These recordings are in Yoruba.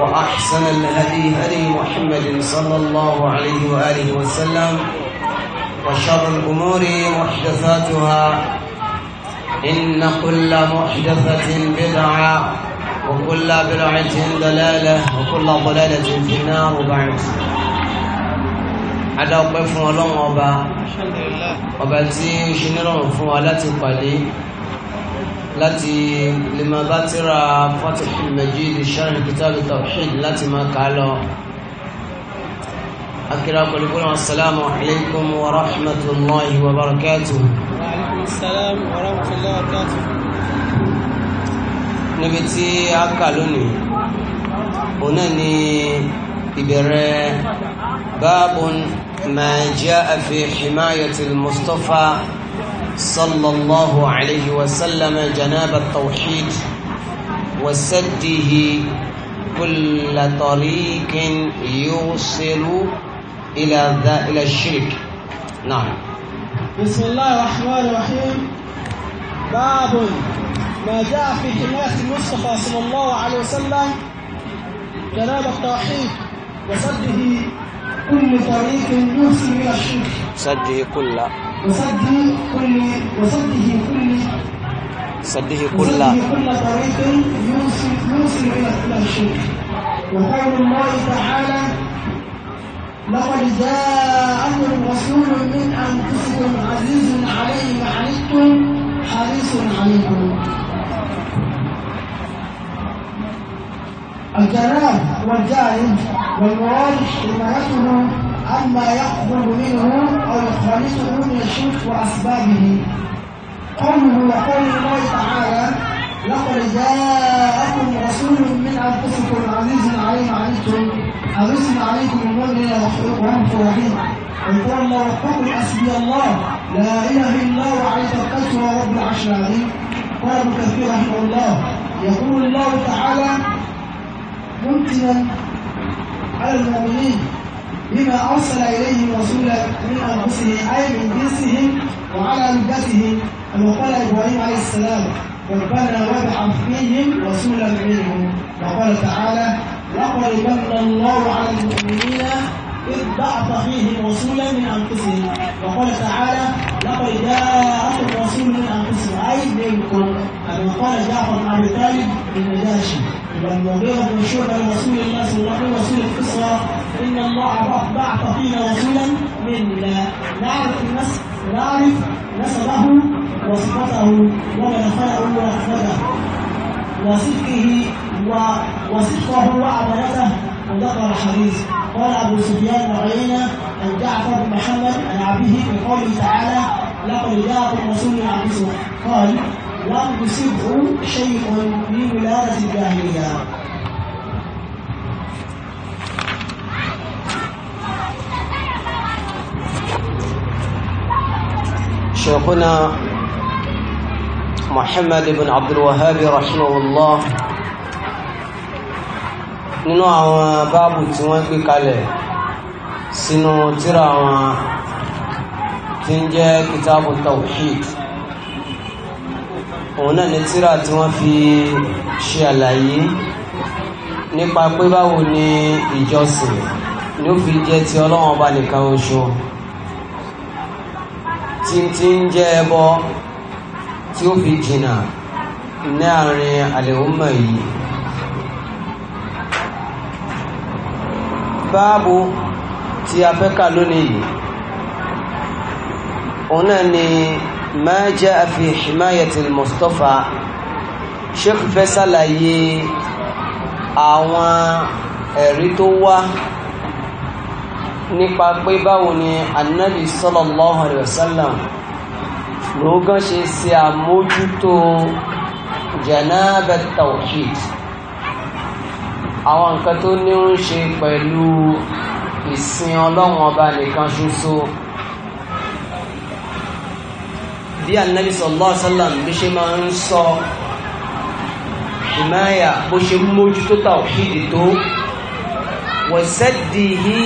وأحسن الهدي هدي محمد صلى الله عليه وآله وسلم وشر الأمور محدثاتها إن كل محدثة بدعة وكل بدعة ضلالة وكل ضلالة في النار وبعد adáwọ̀pẹ́ fún ọlọ́run ọba ọba tí ń ṣe nírọ̀rùn fún wa láti pàdé láti lè máa bá tíra Fathul Majid sharh kitab at-tawhid láti máa kà á lọ akira pẹ̀lú pẹ̀lú assalamu alaikum wa rahmatullahi wa barakatuh wa alaikum assalam wa rahmatullahi wa barakatuh níbi tí a kà lónìí òun náà ni ìbẹ̀rẹ̀ báàbùn ma jaa fi himayatil Mustafa صلى الله عليه وسلم جناب التوحيد وسده كل طريق يوصل إلى إلى الشرك نعم بسم الله الرحمن الرحيم باب ما جاء في حماية المصطفى صلى الله عليه وسلم جناب التوحيد وسده كل طريق يوصل إلى الشرك سده كل وصده كل وصده كل صده كل كل طريق يوصل يوصل الى الشرك وقول الله تعالى لقد جاءكم رسول من انفسكم عزيز عليه ما عنتم حريص عليكم الجراح والجاهل والمراد حمايته عما يحضر منه أو يخلصه من الشرك وأسبابه قوله وقول الله تعالى لقد جاءكم رسول من أنفسكم عزيز عليم عليكم عزيز عليكم المؤمن وهم فرحين ويقول الله قل حسبي الله لا إله إلا الله عليك توكلت ورب رب العرش العظيم قال ابن كثير رحمه الله يقول الله تعالى ممتنا على المؤمنين بما أرسل إليهم رسولا من أنفسهم أي من جنسهم وعلى لبته كما قال إبراهيم عليه السلام ربنا وابعث فيهم رسولا منهم وقال تعالى لقد من الله على المؤمنين إذ بعث فيهم رسولا من أنفسهم وقال تعالى لقد جاءكم رسول من انفسكم اي منكم كما قال جعفر بن ابي طالب للنجاشي والمغيرة بن شعبة رسول الله صلى الله عليه وسلم القصة إن الله بعث فينا رسولا منا نعرف الناس نعرف نسبه وصفته ومن دخله ورحمته وصدقه وصدقه وعدالته وذكر الحديث قال أبو سفيان وعينه عن جعفر بن محمد عن عبده بقوله تعالى لقد جاءكم رسول عبده قال لم يصبه شيء من ولادة الجاهلية شيخنا محمد بن عبد الوهاب رحمه الله nínú àwọn báàbù في wọ́n sínú tíra wọn tí ń jẹ́ kitabu tawhid òun náà ni tíra tí wọ́n fi ṣe àlàyé nípa pé báwo ni ìjọsìn ló fi jẹ́ ti ọlọ́wọ́n ọba nìkan oṣù tí tí ń jẹ́ ẹbọ tí ó fi jìnnà ní àárín àlèhùnmọ̀ yìí báàbù tí a fẹ́ kà lónìí yìí òun náà ni ma jaa fi himayatil Mustafa sheikh fẹ́ sàlàyé àwọn ẹ̀rí tó wá nípa pé báwo ni annabi sallallahu alaihi wasallam lóògán ṣe ṣe àmójútó janabat àwọn nǹkan tó ní ń ṣe pẹ̀lú ìsìn ọlọ́run ọba nìkan ṣoṣo bí anabi sallallahu alaihi wasallam bí ṣe máa ń sọ ìmáyà bó ṣe mójútó tàwhídì tó wa saddihi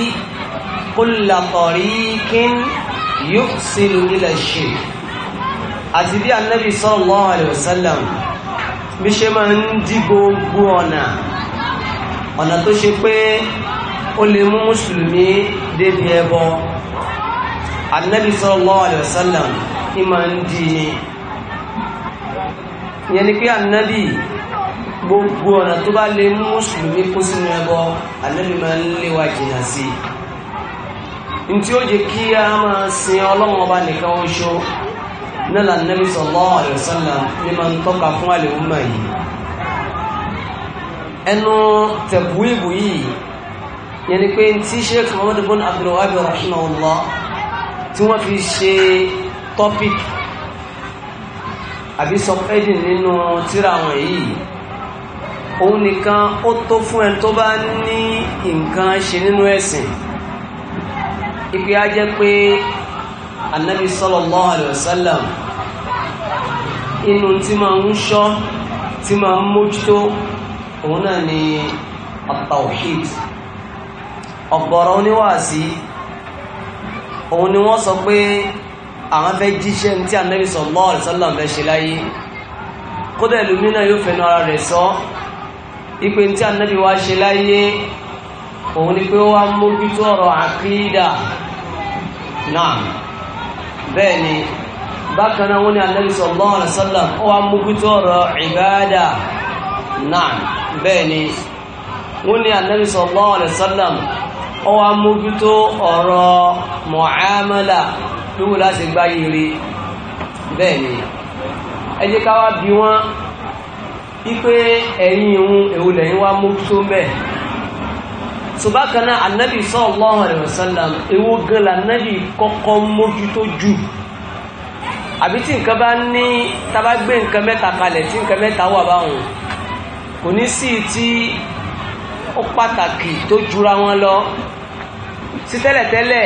kulla tariqin yusilu ila shirk àti bí anabi sallallahu alaihi wasallam bí ṣe máa ń dí gbogbo ọ̀nà ọ̀nà tó ṣe pé ó lè mú mùsùlùmí débi ẹbọ anabi sallallahu alayhi wa sallam ní máa ń di ni ìyẹn ni pé anabi gbogbo ọ̀nà tó bá lè mú mùsùlùmí kó sínú ẹbọ anabi máa ń léwà jìnnà sí i ntí ó jẹ kí a máa sin ọlọ́run ọba nìkan oṣù náà la nabi ní máa ń tọ́ka fún àlè ẹnu tẹ̀bú ìbò yìí yẹn ni pé tí sheikh muhammad bin abdulwahab rahimahullah tí wọ́n fi ṣe topic àbí sọpẹ́dì nínú tíra wọn yìí òun nìkan ó tó fún ẹni tó bá ní nǹkan ṣe nínú ẹ̀sìn ìpè á jẹ́ pé anabi sallallahu alayhi wa sallam inú tí máa ń ṣọ́ tí máa ń mójútó òun náà ni at-tawhid ọ̀gọ̀rọ̀ oníwàásí òun ni wọ́n sọ pé àwọn fẹ́ jíṣẹ́ tí Ànábì sallallahu alaihi wasallam fẹ́ ṣe láyé kódà ìlúmí náà yóò fẹ́nu ara rẹ̀ sọ ipe tí Ànábì wá ṣe láyé òun ni pé ó wá mójútó ọ̀rọ̀ àkídà náà bẹ́ẹ̀ ni bákan náà wọ́n ní Ànábì sallallahu alaihi wasallam ó wá mójútó ọ̀rọ̀ ìbáàdà náà bẹ́ẹ̀ ni wọ́n ní Ànábì sallallahu alaihi wasallam ọwọ́ amójútó ọ̀rọ̀ mọ̀ámọ́là lówó láti gbá yìí bẹ́ẹ̀ ni ẹ jẹ́ ká wá bí wọ́n wípé ẹ̀yìn ìhun èwo lẹ́yìn wá mójútó mẹ́ ṣùgbákaná annabi sallallahu alaihi wasallam èwo gan lànàbì kọ́kọ́ mójútó jù àbí tí nǹkan bá ní tá bá gbé nǹkan mẹ́ta kalẹ̀ tí nǹkan mẹ́ta wà báwọn kò ní sí ti ó pàtàkì tó jura wọn lọ sí tẹ́lẹ̀tẹ́lẹ̀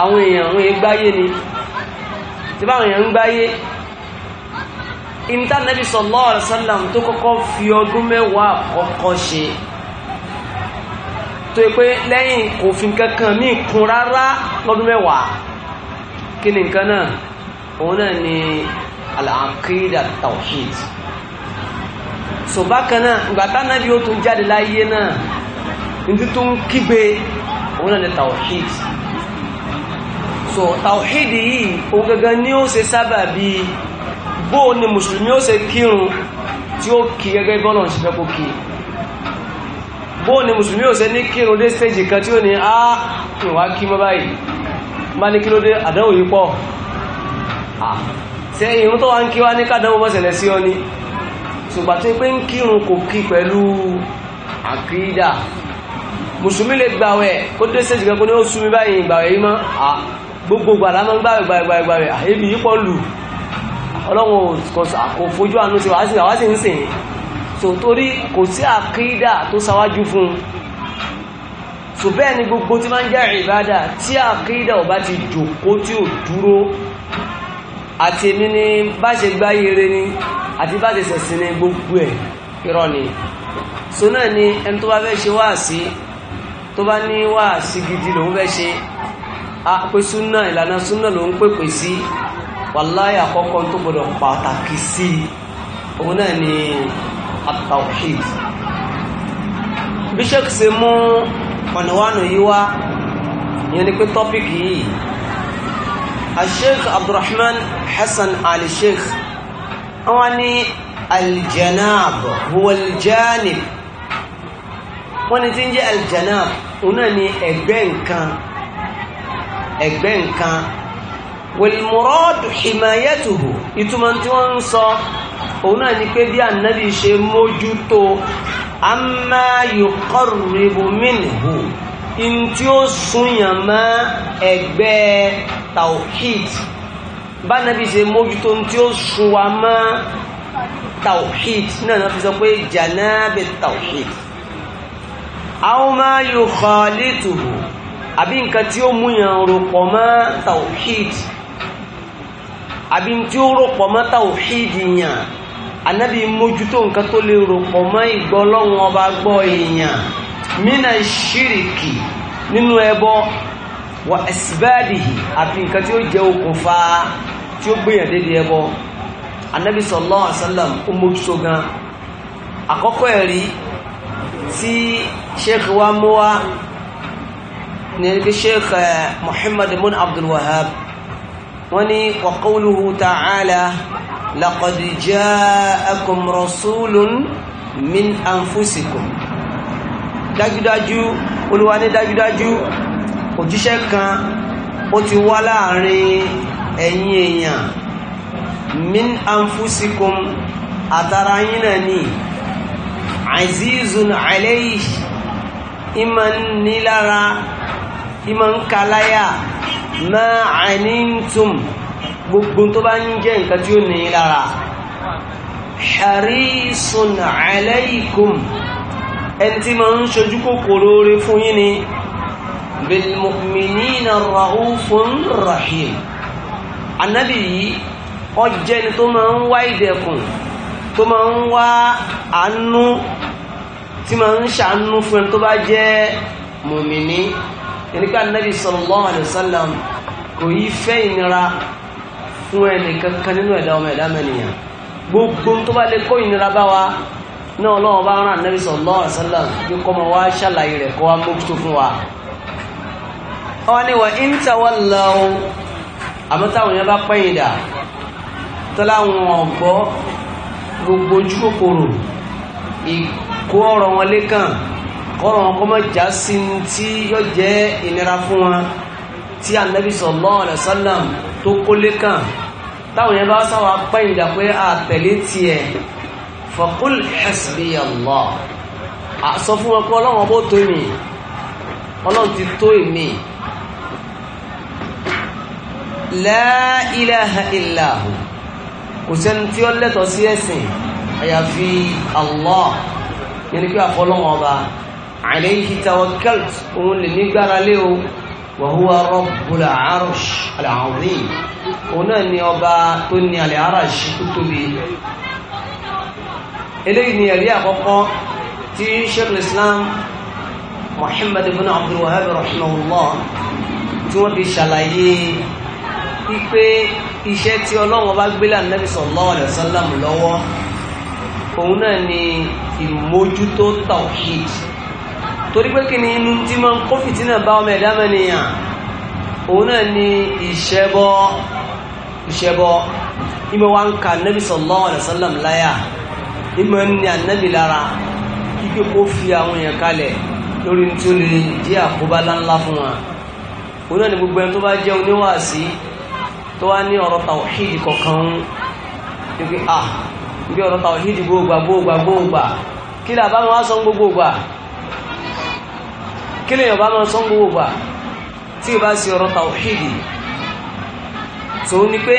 àwọn èèyàn àwọn èèyàn gbáyé ni tí báwọn èèyàn ń gbáyé imta nabi sallallahu alaihi wasallam tó kọ́kọ́ fi ọdún mẹ́wàá kọ́kọ́ ṣe tó yẹ pé lẹ́yìn kò fi kankan míì kún rárá lọ́dún mẹ́wàá kí ni nǹkan náà òun náà ni al tawhid so bákan náà ìgbà tánábì ó tún jáde láyé náà ní tó ń kígbe òun náà ni tawhid so tawhid yìí òun gangan ni ó ṣe sábà bí bó ni mùsùlùmí ó ṣe kírun tí ó kí gẹ́gẹ́ bọ́lọ̀ ṣe fẹ́ kó kí bó ni mùsùlùmí ó ṣe ní kírun dé stage kan tí ó ní á ìwà kí mọ́ báyìí má ní kí ló dé àdánwò yìí pọ̀ ṣe ìrún tó wá ń kí wá ní kádánwò mọ́sẹ̀lẹ̀ sí ọ ni ṣùgbà tó pé ń kírun kò kí pẹ̀lú àkídà mùsùlùmí lè gbàwẹ̀ kó dé sí ìjìká kó ní ó sú mi báyìí ìgbàwẹ̀ yìí mọ́ gbogbo gbàlá máa ń gbàwẹ̀ gbàwẹ̀ gbàwẹ̀ àyèbí yìí pọ̀ lù ọlọ́run kò fojú àánú sí wàá sì ń sìn so torí kò sí àkídà tó sáwájú fún un so bẹ́ẹ̀ ni gbogbo tí máa ń jẹ́ ìbádà tí àkídà ò ti jòkó tí ò dúró àti èmi ní bá ṣe gbáyé eré ni àti bá ṣe sẹ̀sìn ní gbogbo ẹ̀ irọ́ ni so náà ni ẹni tó bá fẹ́ ṣe wáàsí tó bá ní wáàsí gidi lòun fẹ́ ṣe pé súnà ìlànà súnà lòun pèpè sí wàláhí àkọ́kọ́ tó gbọdọ̀ pàtàkì sí òun náà ni at-tawhid bishop ṣe mú ọ̀nà wánu yìí wá ìyẹn ni pé tọ́pìkì yìí الشيخ عبد الرحمن حسن آل الشيخ أواني الجناب هو الجانب wọ́n ni tí ń jẹ́ aljanab òun náà ni ẹgbẹ́ nǹkan ẹgbẹ́ nǹkan wẹ̀lmọ́rọ́dù himayatuhu ìtumọ̀ tí wọ́n ń sọ òun náà ni pé bí ànábì ṣe mójútó amma yuqarribu minhu in tí ó súnyàn mọ́ ẹgbẹ́ tawhid bá nàbí ṣe mójútó tí ó sún wa mọ́ tawhid náà náà fi sọ pé janabi tawhid àwọn máa yóò kọ́ létòrò àbí nǹkan tí ó múyàn rọpọ̀ mọ́ tawhid àbí tí ó rọpọ̀ mọ́ tawhid yàn ànábì mójútó nǹkan tó lè rọpọ̀ mọ́ ọba gbọ́ èèyàn mina ṣíríkì nínú ẹbọ wà ẹ̀sìbáàdìhì àti nǹkan tí ó jẹ́ okùnfà tí ó gbìyàn dédé ẹbọ anábì sallallahu alaihi wasallam ó mójútó gan àkọ́kọ́ ẹ̀rí tí sheikh wa mú wá ní ẹni sheikh eh, muhammad ibn abdul wahhab wọ́n wa qawluhu ta'ala laqad ja'akum rasulun min anfusikum dájúdájú olúwa ní dájúdájú òjíṣẹ́ kan ó ti wá láàrin ẹ̀yin èèyàn min anfusikum àtàrà yín náà ni azizun alayhi ìmọ̀ nílára ìmọ̀ ń kaláyà ma anintum gbogbo tó bá ń jẹ́ nǹkan tí ó ní harisun alaykum ẹni tí ma ń ṣojú kòkòrò rẹ fún yín ni bilmu'minina ra'ufun rahim anabi yìí ọjẹ́ ni tó ma ń wá ìdẹ̀kùn tó ma ń wá àánú tí ma ń ṣàánú fún ẹni tó bá jẹ́ mùmìnì ẹnikà anabi sallallahu alayhi wa sallam kò yí fẹ́ ìnira fún ẹnì kankan nínú ẹ̀dá ọmọ ẹ̀dá mẹ́nìyàn gbogbo tó bá lè kó ìnira bá wa náà ọlọ́run bá rán ànábì sallallahu alaihi wasallam kí kọ́ mọ wá ṣàlàyé rẹ̀ kọ́ wá mójútó fún wa. wọ́n ní wọ́n ń tawọ́ lọ o àmọ́ táwọn yẹn bá pẹ́yìn dà tọ́láwọn ọ̀gbọ́ gbogbo ojú kòkòrò sallallahu alaihi wasallam tó kó lékàn táwọn yẹn bá sáwà pẹ́yìn dà pé àtẹ̀lé tiẹ̀ faqul hasbiya Allah àsọ fún wọn pé ọlọ́run ọbọ̀ tó mi ọlọ́run ti tó èmi la ilaha illa hu kò sẹ́ni tí ó lẹ́tọ̀ọ́ sí ẹ̀sìn àyàfi Allah yẹni pé àfọlọ́wọ́n ọba alayhi tawakkalt òun lè nígbára lé o wa huwa rabbul arsh òun náà ni ọba tó ní al-arsh tó tóbi eléyìí ni ẹ̀rí àkọ́kọ́ tí sheikh islam muhammad ibn abdul wahab rahimahullah tí wọ́n fi ṣàlàyé wípé iṣẹ́ tí ọlọ́run bá gbélé ànábì sallallahu alaihi wasallam lọ́wọ́ òun náà ni ìmójútó tawhid torí pé kí ni inú tí máa ń kó fìtínà bá ọmọ ẹ̀dá mẹ́niyàn òun náà ni ìṣẹ́bọ ìṣẹ́bọ ìbẹ̀ wa ń ka ànábì sallallahu alaihi wasallam láyà ìmọ̀ ní ànábì lára kíkẹ́ kó fi àwọn èèyàn kalẹ̀ lórí tí ó lè jẹ́ àkóbá láńlá fún wa òun náà ni gbogbo ẹni tó bá jẹ́ oníwàásí tó wá ní ọ̀rọ̀ tàwọ̀hídì kọ̀ọ̀kan ń ní pé ah, à bí ọ̀rọ̀ tàwọ̀hídì gbogbo gbogbo gbogbo kí lè àbá máa sọ gbogbo gbà kí lè ọba máa sọ gbogbo gbà tí ì bá sí ọ̀rọ̀ tàwọ̀hídì tòun ni pé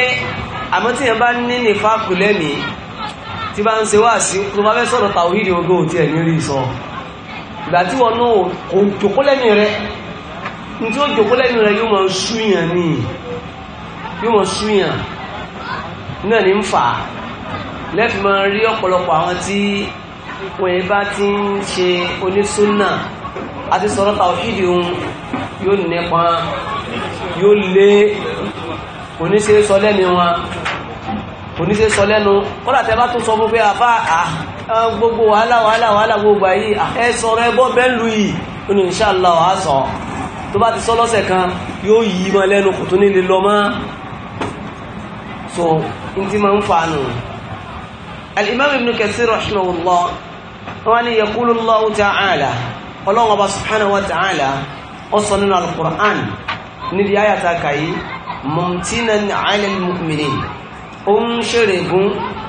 àmọ́ tí yẹn bá ní nífàkù lẹ́mìí tí bá ń ṣe wá sí tó bá fẹ́ sọ̀rọ̀ tàwíìdì ogó tí ẹ̀ ní rí sọ ìgbà tí wọn náà kò jòkó lẹ́nu rẹ ní tí ó jòkó lẹ́nu rẹ yóò mọ̀ ṣúyàn ní yóò mọ̀ ṣúyàn náà ní ń fà lẹ́fì máa rí ọ̀pọ̀lọpọ̀ àwọn tí wọ́n bá ti ń ṣe onísúnà àti sọ̀rọ̀ tàwíìdì ohun yóò nípa yóò lé oníṣẹ́ lẹ́nu wọn kò ní ṣe sọ lẹ́nu kọ́lá tẹ́ bá tún sọ fún pé àfá gbogbo wàhálà wàhálà wàhálà gbogbo ayé ẹ sọ̀rọ̀ ẹgbọ́ bẹ́ẹ̀lú yìí ó ní inshallah wàá sọ tó bá ti sọ lọ́sẹ̀ kan yóò yí mọ́ lẹ́nu kò tún ní lè lọ mọ́ so n ti máa ń fa nù. al-imam ibn kathir rahimahullah wọn ni yaqulu Allahu ta'ala ọlọ́run ọba subhanahu wa ta'ala ó sọ nínú al níbi ayàtà kàyí mumtinan 'ala al-mu'minin ó ń ṣèrè gún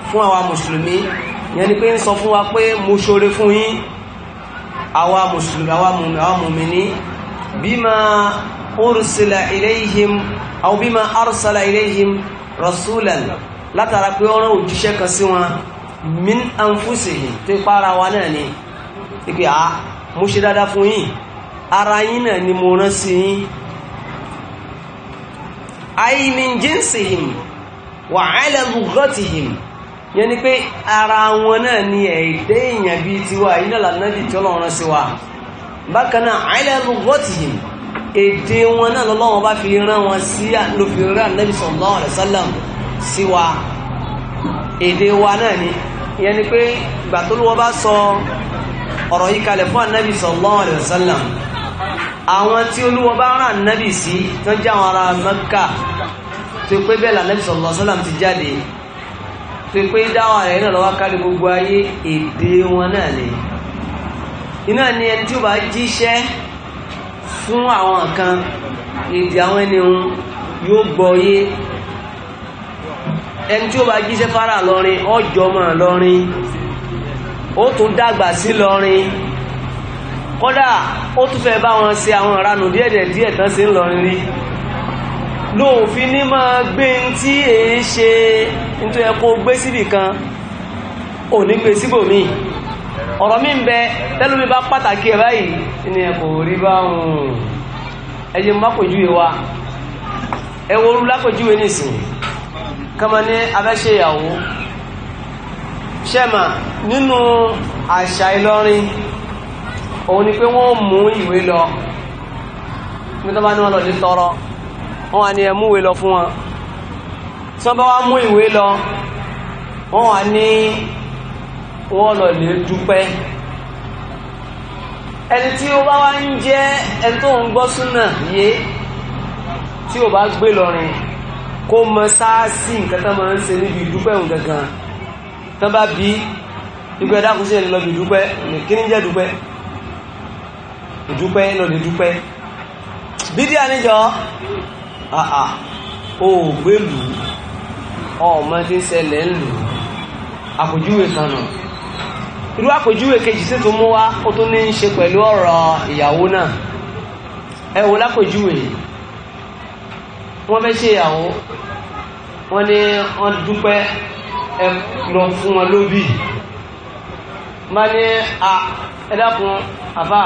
fún àwa mùsùlùmí yẹn ni pé ń sọ fún wa pé mo ṣoore fún yín àwa mùsùlùmí àwa mùmíní bima ursila ilayhim aw bima arsala ilayhim rasulan látara pé ọ̀rọ̀ òjíṣẹ́ kan sí wọn min anfusihim tó para wa náà ni ìpè à mo ṣe dáadáa fún yín ara yín náà ni mo rán sí yín ay min jinsihim wà ala lughatihim yẹn ni pé ara wọn náà ni ẹ̀ẹ́dẹ́ èèyàn bíi tiwa yìí náà lànàbì tí ọlọ́run sí wa bákan náà ala lughatihim èdè wọn náà lọ́lọ́run bá fi rán wọn sí ló fi rán ànábì sallallahu alaihi wasallam sí wa èdè wa náà ni ìyẹn ni pé ìgbà tó lówó bá sọ ọ̀rọ̀ yìí kalẹ̀ fún ànábì sallallahu alaihi àwọn tí olúwọ bá rán ànábì sí tó jẹ́ àwọn ará Mẹ́kà tó pé bẹ́ẹ̀ lànàbì sallallahu alaihi wasallam ti jáde tó pé dáwà rẹ̀ náà lọ́wọ́ kárí gbogbo ayé èdè wọn náà ni iná ni ẹni tí ó bá jíṣẹ́ fún àwọn kan èdè àwọn ẹni òun yóò gbọ́ yé ẹni tí ó bá jíṣẹ́ fara lọ́rin ọjọ́ mọ̀ lọ́rin ó tún dàgbà sí lọ́rin kódà ó tún fẹ́ bá wọn ṣe àwọn ìranù díẹ̀díẹ̀ díẹ̀ tán sí ń rí lóòfin ní máa gbé ń tí èé ṣe nítorí ẹkọ gbé síbì kan ò ní gbé síbòmí ọ̀rọ̀ mi ń bẹ tẹ́lómi bá pàtàkì ẹ̀ báyìí ní ẹkọ rí bá hùn ẹyẹ mápòjúwe wa ẹwọ́rú lápòjúwe nìsín kama ní abẹ́ṣe ìyàwó ṣẹ́mà nínú àṣà Ìlọrin òun ni pé wọ́n mú ìwé lọ nítorí wọn lọ lè tọrọ wọ́n wà ní ẹ múwé lọ fún wọn tí wọ́n bá wá mú ìwé lọ wọ́n wà ní wọ́n lọ lè dúpẹ́ ẹni tí ó bá wá ń jẹ́ ẹni tó ń gbọ́ súnà yé tí ó bá gbé lọrin kó mọ sáàsì nǹkan tán máa ń ṣe níbi ìdúpẹ́ òun gangan tán bá bí ìgbẹ́ dákúnṣe lọ́bi ìdúpẹ́ kíní jẹ́ dúpẹ́ ìdúpẹ́ lọ́bi ìdúpẹ́ bídíà níjọ́ Ah ah! ò gbé lù ú ọmọ tí ń ṣẹlẹ̀ ń lù ú àpèjúwe kan nà irú àpèjúwe kejì sí tó mú wá ó tó ní í ṣe pẹ̀lú ọ̀rọ̀ ìyàwó náà ẹ wò lápèjúwe wọ́n fẹ́ ṣe ìyàwó wọ́n ní wọ́n dúpẹ́ ẹ lọ fún wọn lóbì má ní ẹ dákun àfà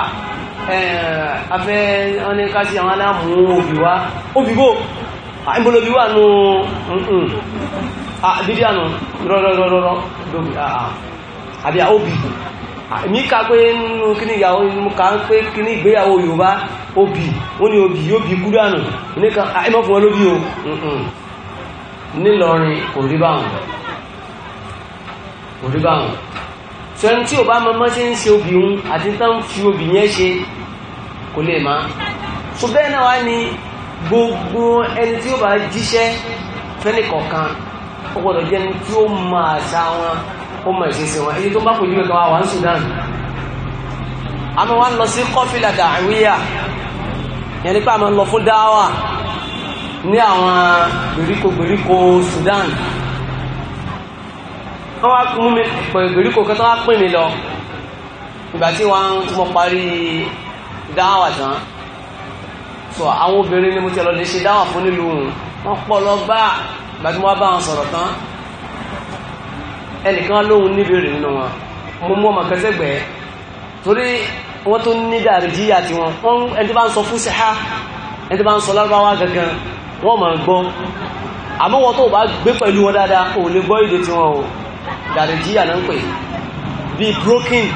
Eh, afẹ́ wọn ní káṣí àwọn aláàmù obì wá obi bó ìbòlò obì wà nù ǹkan àbídí ànà rọ́rọ́rọ́rọ́ lóbi àbí àóbì mi ká pé nínú kíní ìyàwó ka ká ń pé kíní ìgbéyàwó Yorùbá obì wọ́n ní obì yóò bí kúrò ànà nìkan fún o nílọrin kò rí báwọn kò sọ ẹni tí ò bá mọ́mọ́ ṣe ń ṣe obì ń àti tán fi obì yẹn ṣe kò lè má so bẹ́ẹ̀ náà wá ní gbogbo ẹni tí ó bá jíṣẹ́ fẹ́ni kọ̀ọ̀kan gbọ́dọ̀ jẹ́ ẹni tí ó mọ àṣà wọn ó mọ ìṣesí wọn èyí tó bá kò níbẹ̀ kan wà wà ń Sudan àmọ́ wá ń lọ sí kọ́fìlà dàríyà yẹn nípa àmọ́ ń lọ fún dáwà ní àwọn gbèríko gbèríko Sudan wọ́n wá mú mi pẹ̀lú ìgbèríko kan tó wá pín mi lọ ìgbà tí wọ́n tí mo parí dáwà tán sọ àwọn obìnrin ni mo ti lọ lè ṣe dáwà fún nílùú òun wọ́n pọ̀ lọ bá ìgbà tí mo bá wọn sọ̀rọ̀ tán ẹnìkan lóhun níbi rè nínú wọn mo mú ọmọ kẹsẹ̀gbẹ́ torí wọ́n tó ní dàríjíyà tí wọ́n wọ́n ẹni tó bá ń sọ fún ṣẹ́há ẹni tó bá ń sọ lárúbáwá gangan wọ́n máa gbọ́ àmọ́ wọn tó bá gbé pẹ̀lú wọn dáadáa ò lè gbọ́ èdè tí wọn o dàrẹ́jíyà náà ń pè bí broken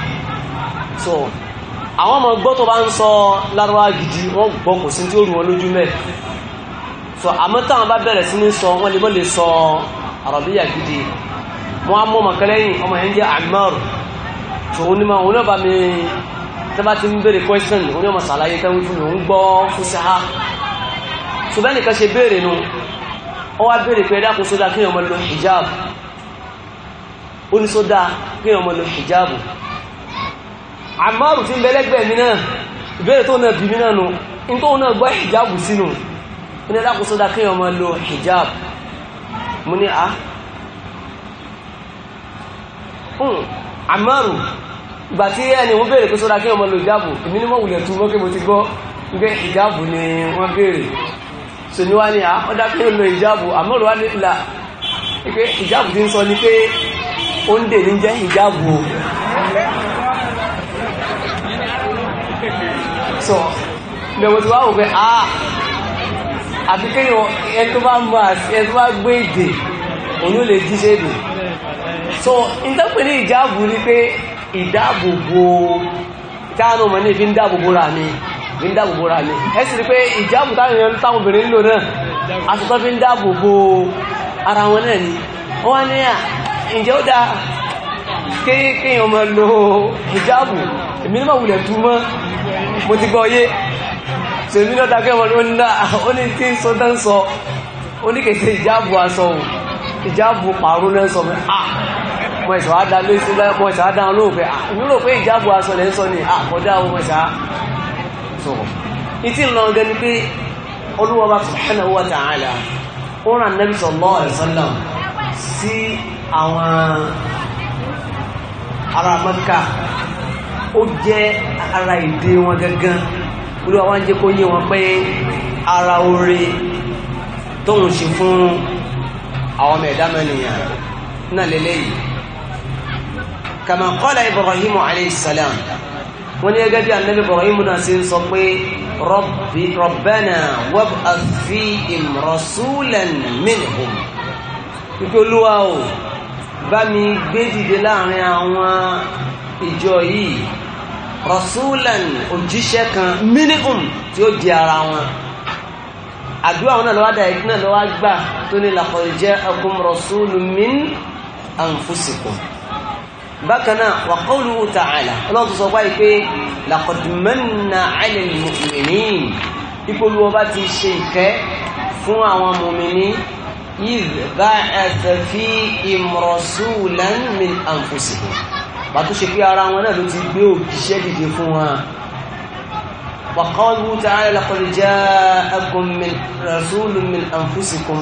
so àwọn ọmọ gbọ́ tó bá ń sọ lárúbá gidi wọ́n gbọ́ kò sí tí ó rù wọn lójú mẹ́ so àmọ́ táwọn bá bẹ̀rẹ̀ sí ní sọ wọ́n lè mọ́ lè sọ àrọ̀bíyà gidi wọ́n á mọ́ mọ̀kẹ́lẹ́yìn ọmọ yẹn jẹ́ Ammar so ó ní ma òun náà bá mi tẹ́ bá ti ń béèrè question òun náà mọ̀ sàlàyé tẹ́wọ́n fún mi òun gbọ́ fún sáà so bẹ́ẹ̀ nìkan ṣe béèrè nu ó wá béèrè pé ẹ̀dá kò sódà kí ọmọ lo hijab ó ní sódà ọmọ lọ hijabu àmọ́rù tí ń bẹ́lẹ́gbẹ̀ mi náà ìbẹ̀rẹ̀ tó náà bí mi náà nù ní tó náà gbá hijabu sínú ó ní dákùn sódà kí ọmọ lọ hijabu mo ní hmm, a àmọ́rù ìgbà tí ẹni wọ́n bèèrè pé sódà kí ọmọ lọ hijabu èmi ní hijabu ni wọ́n bèèrè sọ ni wá hijabu àmọ́rù wá ní pé ìjáàbù tí ń sọ ni pé ó ń dè ní jẹ́ ìjáàbù o sọ lẹ́wọ̀n tí wá wò pé a ah, àti kéèyàn ẹni tó bá mọ àti ẹni tó bá gbé èdè òun lè jíṣẹ́ èdè so ìtọ́pẹ̀ ní ìjáàbù ni pé ìdáàbòbò táwọn ọmọ ní fi ń dáàbòbò rà ní fi ń dáàbòbò rà ní ẹ sì rí pé ìjáàbù táwọn obìnrin ń lò náà àtúntọ́ fi ń dáàbòbò ara wọn náà ni wọ́n wá ní à ǹjẹ́ ó dáa kéèkéèyàn ọmọ lo hijabu èmi ní máa wulẹ̀ tú mọ́ mo ti gbọ́ yé tèmi náà dákẹ́ wọn ló ń dá ó tí ń sọ ó ní kèsè hijabu aṣọ o hijabu pààrọ̀ náà sọ pé à mo ẹ̀sọ̀ á dá lóṣù bá mo ẹ̀sọ̀ á dá lóhùn pé à rò pé hijabu aṣọ lẹ́ ń sọ ni àkọ́dá o mo ẹ̀sọ̀ á sọ̀rọ̀ ìtì ìlànà gẹ́ni pé olúwa subhanahu wa ta'ala ó ràn nẹ́bí sallallahu alaihi wasallam sí àwọn ará Mẹ́kà ó jẹ́ ara ìdè wọn gangan olúwa wá ń jẹ́ kó yé wọn pé ara oore tóun ṣe fún àwọn ọmọ ẹ̀dá mẹ́nìyàn náà lélẹ́yìí kama qala Ibrahim alayhi salam wọ́n ní gẹ́gẹ́ bí Ànábì Ibrahim náà ṣe ń sọ pé رب ربنا وابعث فيهم رسولا منهم ìgbóluwa o bá mi gbé dìde láàrin àwọn ìjọ yìí rasulan òjíṣẹ́ kan minimum tí ó di ara wọn àdúrà wọn náà lọ́wọ́ dà ìpínlẹ̀ lọ́wọ́ gbà tó ní laqad ja'akum rasulun min anfusikum bákanáà wà kọ́lù tààlà ọlọ́run tó sọ báyìí pé làkọ̀dùmẹ́nà àìlè mùmìnì ìpolú ọba ti ṣe ìkẹ́ fún àwọn mùmìnì yìí bá ẹsẹ̀ fi ìmọ̀rọ̀sùlẹ̀ min anfusihim bàtú ṣe pé ara wọn náà ló ti gbé òkìṣẹ́ dìde fún wa wà kọ́lù tààlà làkọ̀dùjẹ́ ẹkùn min rẹ̀sùlù min anfusikum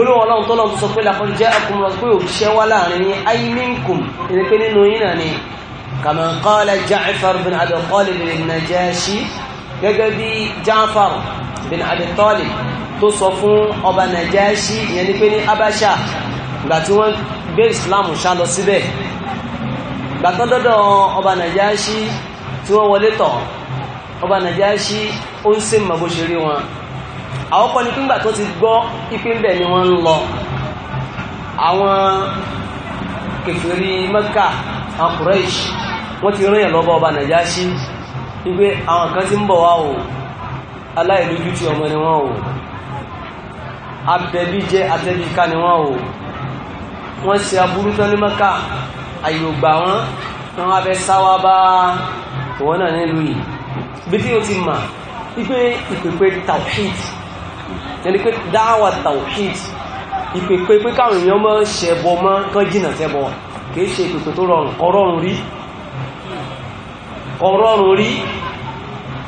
gbólóhùn ọlọ́run tó lọ́n sọ pé làkọ́jú jẹ́ akùnrin ọ̀sán pé òṣìṣẹ́ wá láàrin yín ayé minkum ẹni pé nínú yín náà ni kama qala Ja'far bin Abi Talib bin Najashi gẹ́gẹ́ bí Ja'far bin Abi Talib tó sọ fún ọba Najashi ìyẹn ni pé ní Abasha ìgbà tí wọ́n gbé Islam ṣá lọ síbẹ̀ ìgbà dọ́dọ̀ ọba Najashi tí wọ́n wọlé tọ̀ ọba Najashi ó ń sèmọ̀ bó ṣe rí wọn àwọn kọ́ ni pínpà tó ti gbọ́ ipé ńbẹ̀ ni wọ́n ń lọ àwọn kèfèrí Mẹ́kà àwọn Quraish wọ́n ti rìn lọ́bọ̀ ọba Nàjáṣí wípé àwọn kan ti ń bọ̀ wá o aláìlójútì ọmọ ni wọ́n o abẹ́bí jẹ́ atẹ́bíká ni wọ́n o wọ́n ṣe aburú tán ní Mẹ́kà àyè wọn wọn wá fẹ́ sáwá bá òwọ́n náà nílùú yìí bí tí o ti mà wípé ìpèpè tawhid yẹn ni pé dáwà tawhid ìpèpè pé káwọn èèyàn mọ́ ṣẹbọ mọ́ kán jìnà ṣẹbọ kìí ṣe ìpèpè tó rọrùn ọrọrùn rí ọrọrùn rí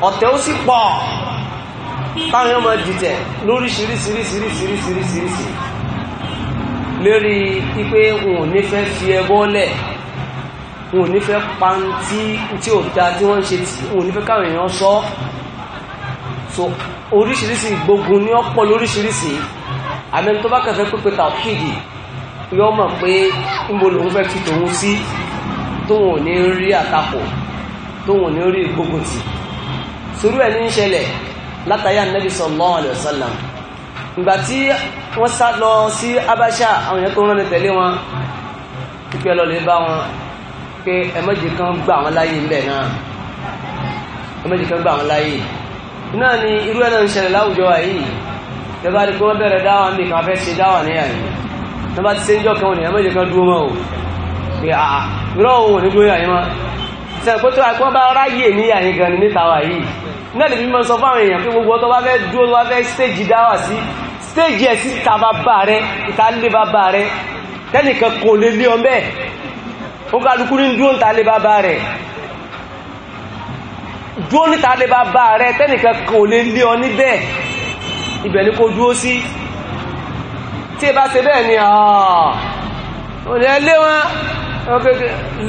ọ̀tẹ̀ ó sì pọ̀ táwọn èèyàn mọ́ dìtẹ̀ lóríṣiríṣiríṣiríṣiríṣiríṣi lérí pípé wọn ò ní fẹ́ fi ẹbọ lẹ̀ wọn ò ní fẹ́ pa tí ò da tí wọ́n ń ṣe tí wọn ò ní káwọn èèyàn sọ so oríṣiríṣi gbogbo ní ọ̀pọ̀ lóríṣiríṣi àmẹ́ni tó bá kẹfẹ́ pípé tàwíìdì yọ mọ̀ pé níbo lòun fẹ́ fi tòun sí tóun ò ní rí àtakò tóun ò ní rí ìgbógunti sùúrù ẹ̀ ní ń ṣẹlẹ̀ látàyà nẹ́bí sallallahu alaihi wasallam ìgbà tí wọ́n sá lọ sí abáṣà àwọn èèyàn tó rán ní tẹ̀lé wọn pípẹ́ lọ lè bá wọn pé ẹ̀mẹ́jì kan gbà wọn láyé ńbẹ̀ náà ẹ̀mẹ́jì kan gbà wọn láyé iná ni irú ẹ̀ náà ń ṣẹlẹ̀ láwùjọ àyè lọ́ba ni kí wọ́n bẹ̀rẹ̀ dáwà ń bì kan fẹ́ ṣe dáwà ní àyè lọ́ba ti ṣe ń jọ́ kan wọn ni ẹ̀mọ́ ìjẹ́ kan dúró mọ́ o pé àà irọ́ òun ò ní dúró yàyí mọ́ sẹ́yìn pé tó àìkú bá ráyè ní àyè gan ni níta wà yìí náà lè fi mọ́ sọ fáwọn èèyàn pé gbogbo ọtọ́ bá fẹ́ dúró tó fẹ́ stéèjì dáwà sí stéèjì ẹ̀ sí ta bá bà rẹ ìta lé bá bà rẹ tẹ́nìkan kò lè lé ọ bẹ́ẹ̀ ó kálukú ní dúró ń ta lé bá bà rẹ̀ dúó níta lè bá bá rẹ tẹ́nìkan kan ò lè lé ọ níbẹ̀ ibẹ̀ ni kò dúó sí tí ẹ bá ṣe bẹ́ẹ̀ ni ọ̀ lè lé wọn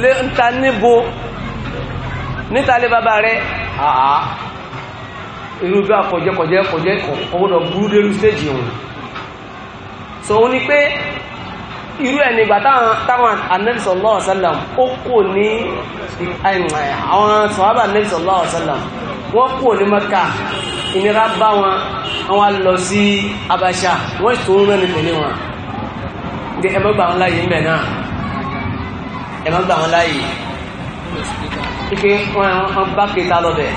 lé níta níbo níta lè bá bá rẹ irú bí akọ̀jẹ́kọ̀jẹ́ kọ̀jẹ́ kọ̀gbọ́dọ̀ burú dérú stéèjì òun sọ òun ni pé irú ẹni ìgbà táwọn Ànábì sallallahu alaihi wasallam ó kò ní àwọn sọ̀hábà Ànábì sallallahu alaihi wasallam wọ́n kò ní Mẹ́kà ìnira bá wọn àwọn lọ sí Abaṣa wọ́n tó ń rẹ́ ní pẹ̀lú wọn ní ẹmọ́ gbà wọn láàyè ńbẹ̀ náà ẹmọ́ gbà wọn láàyè ike wọn bá kẹta lọ́bẹ̀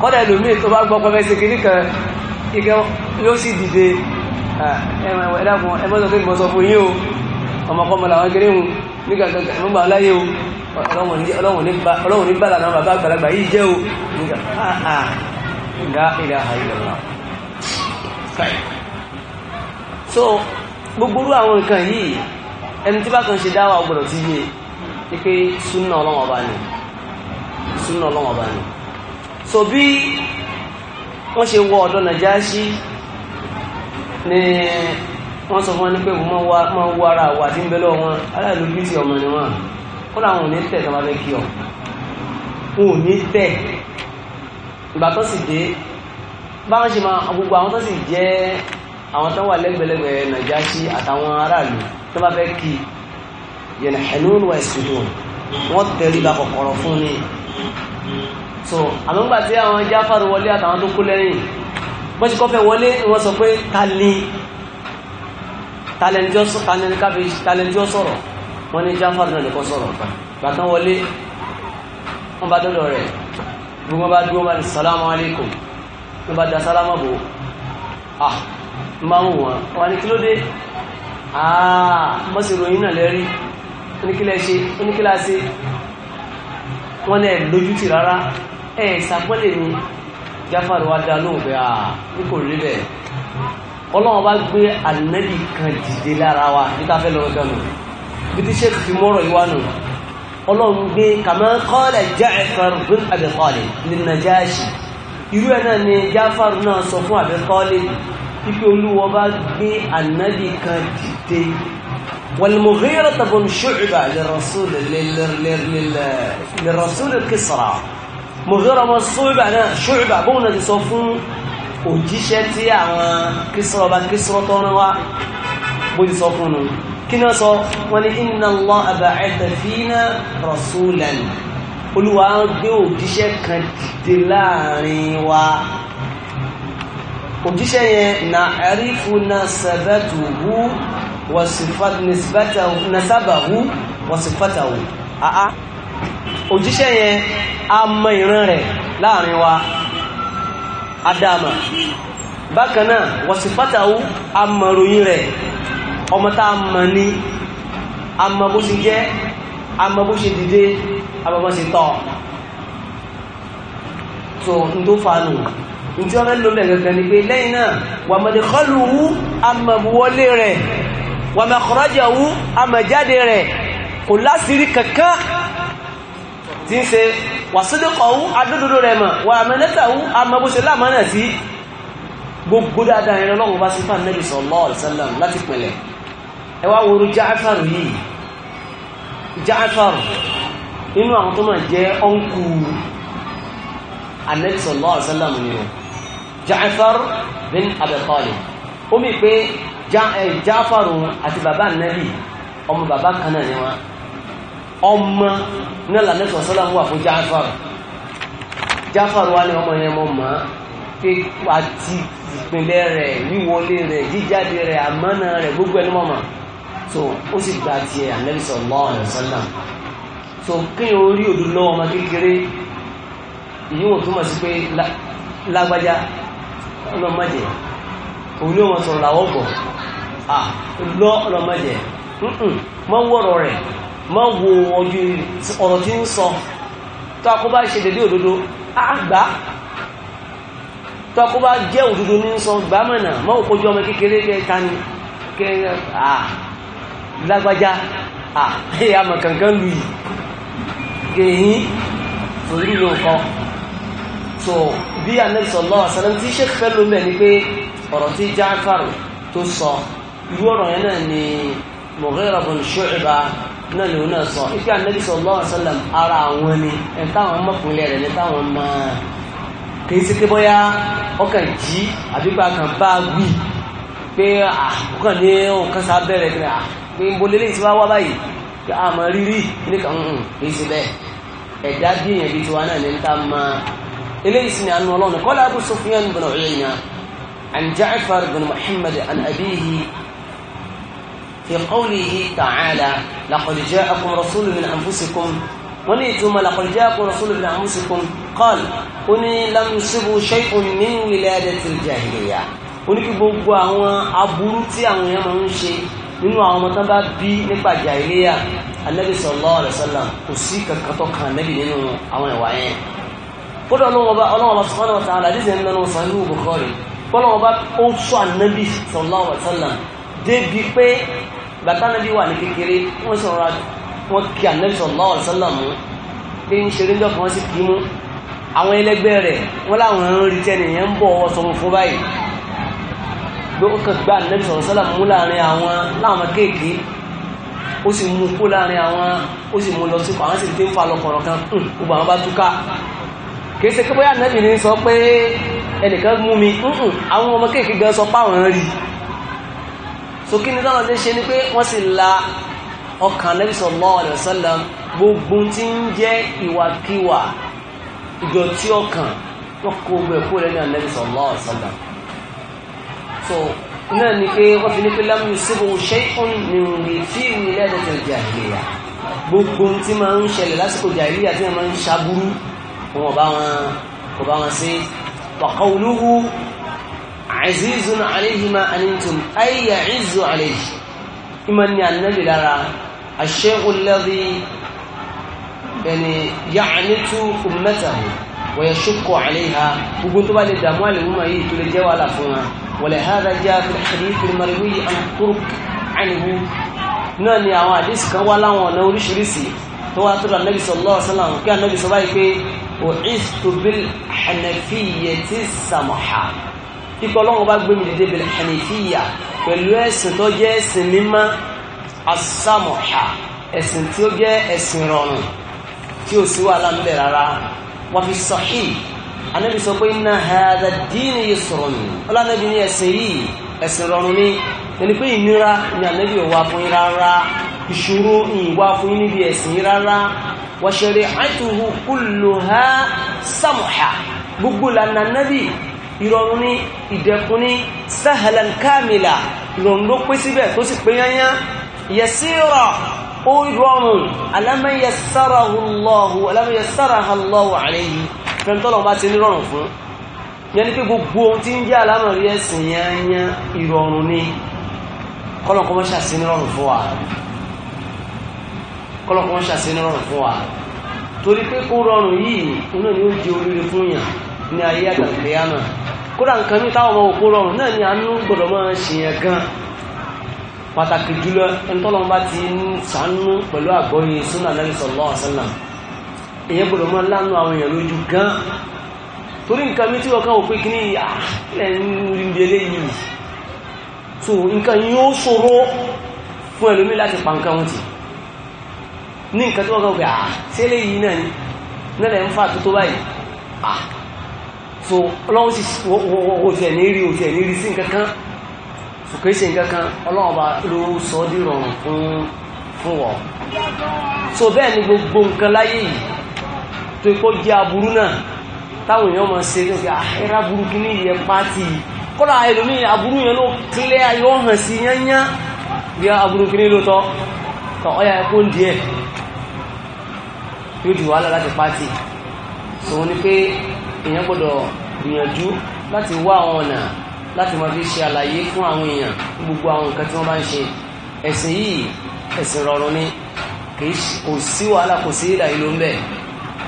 kọ́dà ẹlòmíì tó bá gbọ́ pẹ́fẹ́ sí kiri kan ike yóò sì dìde ẹ̀dàkùn ẹ̀mọ́sọ̀ kí n bọ́ sọ fún yín o ọmọkọ́mọ làwọn kéré hùn nígbà kankan ẹ̀mọ́gbà láyé o ọlọ́run ní bàlà náà bàbá àgbàlagbà yìí jẹ́ o nígbà áà ìdá ìdá àìlọ́lá so gbogbo orú àwọn nǹkan yìí ẹni tí bá kan ṣe dáwà ọgbọ̀dọ̀ ti yé ni pé súnà ọlọ́wọ̀n ọba ni súnà ọlọ́wọ̀n so bí wọ́n ṣe wọ ọ̀dọ́ ní wọ́n sọ fún wọn ní pé wọ́n máa wọ ara àwọ̀ àti ńbẹ́lẹ́ wọn aláìlú bíìsì ọmọ ni wọn kó làwọn ò ní tẹ̀ tó bá fẹ́ kí ọ wọn ò ní tẹ̀ ìgbà tó sì dé báwọn ṣe máa gbogbo àwọn tó sì jẹ́ àwọn tó wà lẹ́gbẹ̀lẹ́gbẹ̀ Nàjáṣì àtàwọn aráàlú tó bá fẹ́ kí yẹnì ẹ̀nùn wà ìsìnkú wọ́n tẹ̀lé ìgbà kọ̀kọ̀rọ̀ fún ni so àlọ́ngbà tí àwọn jáfàrú wọlé àtàwọn tó kú lẹ́yìn bọ́n ti kọ́ fẹ́ wọlé wọ́n sọ pé tali talẹ́njọ́ sọ̀rọ̀ wọ́n ní Jáfàr náà nìkan sọ̀rọ̀ bàtán wọlé wọ́n bá dọ́dọ̀ rẹ̀ gbogbo bá dúró bá ní salamu alaikum wọ́n bá da salama ah ń bá wù wọ́n wọ́n ní kí ló dé ah wọ́n sì ròyìn náà lẹ́rí oníkílẹ̀ ṣe oníkílẹ̀ ṣe wọ́n ni jáfàrí wa dá lóhùn pé àà ní kò rí bẹ́ẹ̀ ọlọ́run bá gbé ànábì kan dìde lára wa níta fẹ́ lọ́wọ́ gan nù bí tí sẹ́ẹ̀kì fi mọ́rọ̀ yìí wá nù ọlọ́run gbé kàmá qala Ja'far bin Abi Talib lin Najashi irú ẹ̀ náà ni jáfàrí náà sọ fún Abi ipe olúwọ bá gbé ànábì kan dìde wal-Mughira bin Shu'ba lirrasul lirrasul Kisra mọ̀fẹ́rọ ọmọ ṣúìbà náà ṣúìbà bóun náà ti sọ fún òjíṣẹ́ tí àwọn kíṣọ́ ọba kíṣọ́ tó rán wá bó ti sọ fún un kí náà sọ wọ́n ní inna Allah ba'atha fina rasulan olúwa gbé òjíṣẹ́ kan dìde láàrin wa òjíṣẹ́ yẹn na'rifu nasabatahu wa sifatahu nasabahu wa sifatahu àá òjíṣẹ́ yẹn a mọ ìran rẹ̀ láàrin wa adama bákan náà wọ̀sífátàwó a mọ ròyìn rẹ̀ ọmọ tá a mọ ní a mọ bó ṣe jẹ́ a mọ bó ṣe dìde a mọ bó ṣe tọ̀ tó n tó fa nù ntí wọn fẹ́ lò lẹ̀ ni pé lẹ́yìn náà wàmọ̀dẹ̀kọ́lùwú amọ̀wọlé rẹ̀ wàmọ̀kọ́rọ́jẹ̀wú amọ̀jáde rẹ̀ kò lásìrí kankan tí ń ṣe wàsídìkọ̀wú adódòdó rẹ̀ mọ̀ wà mẹ́lẹ́tàwú amẹ́bùsẹ̀ láàmánà sí gbogbo dáadáa ẹ̀rọ lọ́wọ́ bá sí fún Ànábì sallallahu alaihi wasallam láti pẹ̀lẹ̀ ẹ wá Ja'far yìí Ja'far inú àwọn tó máa jẹ́ sallallahu alaihi wasallam ni Ja'far bin Abi Talib ó mi pé eh, Ja'far àti bàbá Ànábì ọmọ bàbá ọmọ náà lànàṣọ sọ́làmù wà fún Jafar Jafar wà ní ọmọ yẹn mọ́ mọ́ pé àti ìpínlẹ̀ rẹ̀ wíwọlé rẹ̀ jíjáde rẹ̀ àmọ́nà rẹ̀ gbogbo ẹni mọ́ mọ́ so ó sì gba tiẹ̀ Ànábì sallallahu alaihi so kéèyàn orí òdu lọ́wọ́ ọmọ kékeré ìyíwọ̀n túmọ̀ sí pé lágbájá ọlọ́mọdé òun ni ó wọn sọ̀rọ̀ làwọ̀ bọ̀ ah lọ́ ọlọ́mọdé mọ́ wọ̀rọ̀ rẹ̀ má wo ojú ọ̀rọ̀ tí ń sọ tó akó bá ṣe dédé òdodo àgbà tó akó bá jẹ́ òdodo ní sọ gbàmọ̀nà má wò kójú ọmọ kékeré kẹta ni kẹrẹ à lágbájá à ẹ̀yà àmọ̀ kankan lu yìí kẹyìn torí ló kọ́ so bí Ànábì sallallahu alaihi wasallam tí Sheikh fẹ́ ló mẹ́ ni pé ọ̀rọ̀ tí Ja'far tó sọ irú ọ̀rọ̀ yẹn náà ni Mughira bin Shu'ba náà lòun náà sọ ife anabi sallallahu alaihi wasallam ara àwọn ni ẹni táwọn ọmọkùnrin rẹ̀ ni táwọn máa kìí sí pé bóyá ọkàn jí àbí pa kàn bá wí pé ọkàn ní ọkàn sá bẹ̀rẹ̀ pé pé ń bolé léyìí tí wá wá báyìí pé a mọ rírì ní kàn ń kìí sí bẹ́ẹ̀ ẹ̀dá bí èèyàn bíi tiwa náà ní ta máa eléyìí sì ni àánú ọlọ́run kọ́lá Abu Sufyan bin Uyayna an Ja'far bin Muhammad an abihi في قوله تعالى لقد جاءكم رسول من أنفسكم ونيتم لقد جاءكم رسول من أنفسكم قال أني لم يصبوا شيء من ولادة الجاهلية أني كبوبوا هو أبورتي أن يمنشي nínú àwọn ọmọ tán bá bí nípa jàìlíyà Ànábì sallallahu alaihi wasallam kò sí kankan tó kan Ànábì nínú àwọn ìwà yẹn kódà ọlọ́wọ́ bá subhanahu wa ta'ala àdíṣẹ́ ń lọ́nà ọ̀sán ìlú Bukhari kọ́lọ́wọ́ bá ó sọ Ànábì sallallahu alaihi wasallam débi pé bàtà nàbí wà ní kékeré wọ́n sọ̀rọ̀ wọn kí ànábì sallallahu alaihi wasallam pé ń ṣeré ńjọ́ kan sì kí mú àwọn ẹlẹgbẹ́ rẹ̀ wọ́n láwọn ń rí tẹ́ni yẹn ń bọ̀ ọwọ́ sọmọ fún báyìí gbé ó kàn gbá ànábì sallallahu alaihi wasallam mú láàrin àwọn láwọn kéèké ó sì mú kó láàrin àwọn ó sì mú lọ sí àwọn sì ti ń fa lọkọ̀rọ̀ kan gbogbo àwọn bá túká kìí ṣe kí bóyá ànábì sọ pé ẹnìkan mú mi àwọn ọmọ kéèké gan sọ páwọn rí sókè ní táwọn ṣe ni pé wọ́n sì la ọkàn Ànábì sallallahu alaihi wasallam gbogbo tí ń jẹ́ ìwàkiwà ìdọ̀tí ọkàn wọ́n kó gbogbo ẹ̀kọ́ so náà ni pé wọ́n fi ní pé lam yusibuhu shay'un min fi wiladatil jahiliya gbogbo tí máa ń ṣẹlẹ̀ lásìkò jahiliya tí wọ́n máa ń ṣaburú wọn bá wọn kò bá wọn sí wa qawluhu azizun alayhi ma antum ay ya'izu alayhi iman ni annabi lara ash-shay'u alladhi yani ya'nitu ummatahu wa yashqu alayha bugun tó bá lè dààmú aluma yìí tó lè jẹ́ wàhálà fún wa wa la hadha jaa fi al-hadith al-marwi an turk anhu náà ni àwọn hadith kan wà láwọn ọ̀nà oríṣiríṣi tó wá tó nabi sallallahu alaihi wasallam kí annabi sọ báyìí pé u'istu bil hanafiyyati samaha kíkọ́ ọlọ́run bá gbé mi dìde bil hanifiyya pẹ̀lú ẹ̀sìn tó jẹ́ ẹ̀sìn mímọ́ asámọ̀ha ẹ̀sìn tí ó jẹ́ ẹ̀sìn rọrùn tí ó sì wà láńbẹ̀ rárá wọ́n fi sahih anábì sọ pé inna hadha ad-din yusrun ọlọ́nàbí ní ẹ̀sìn yìí ẹ̀sìn rọrùn ni ẹni pé ìnira ni anábì ò fún yín rárá ìṣòro ìwà fún yín níbi ẹ̀sìn yín rárá wa shari'atuhu kulluha samha gbogbo lànà nábì ìrọ̀rùn ní ìdẹ̀kùn ní sahalan kamila ìrọ̀rùn ló pé síbẹ̀ tó sì pé yányá yasira ó rọrùn alámẹ́ yasarahullahu alámẹ́ yasarahallahu alayhi fẹ́ntọ́lọ̀ bá ti ní rọrùn fún yẹn ni pé gbogbo ohun tí ń jẹ́ alámọ̀ rí ẹ̀sìn yányá ìrọ̀rùn ní kọ́lọ̀kọ́ ṣàṣì ní rọrùn fún wa kọ́lọ̀kọ́ ṣàṣì ní rọrùn fún wa torí pé kó rọrùn yìí inú ni ó di oríire fún yàn ní ayé àtàkìyàmà kódà nǹkan ní táwọn ọmọ òkú rọrùn náà ni àánú gbọdọ̀ máa ṣèyàn gan pàtàkì jùlọ ẹnitọ́lọ́mọba ti ń sànú pẹ̀lú àgbọ́yé sunnah Nabi sallallahu alaihi wasallam èyẹ gbọdọ̀ máa lánú àwọn èèyàn lójú gan torí nǹkan mi tí wọ́n kàn wò pé kí ní ilẹ̀ ah, ń rí bí eléyìí so nǹkan yìí ó ṣòro fún ẹlòmí láti pa nǹkan wọn tì ní nǹkan tí wọ́n kàn wò pé à ah, sí eléyìí náà ni so ọlọ́run sì òṣìṣẹ́ ní rí òṣìṣẹ́ ní rí sí nǹkankan òkè ṣe nǹkankan ọlọ́run ọba ló sọ dìrọ̀rùn fún fún wọn so bẹ́ẹ̀ ni gbogbo nǹkan láyé yìí tó ikọ́ jẹ́ aburú náà táwọn èèyàn máa ṣe nígbà ah, ẹ̀rá burúkú ní ìyẹn pátì kọ́lá ẹlòmíì aburú yẹn ló kílẹ̀ ayọ́ hàn sí yányá bí aburú kí ní ló tọ́ tọ́ ọ̀yà ẹ̀kọ́ ń díẹ̀ yóò di wàhálà láti pátì so wọn ni pé èèyàn gbọ́dọ̀ gbìyànjú láti wá àwọn ọ̀nà láti máa fi ṣe àlàyé fún àwọn èèyàn gbogbo àwọn nǹkan tí wọ́n bá ń ṣe ẹ̀sìn yìí ẹ̀sìn rọrùn ni kò sí wàhálà kò sí ìdà ìlú ńbẹ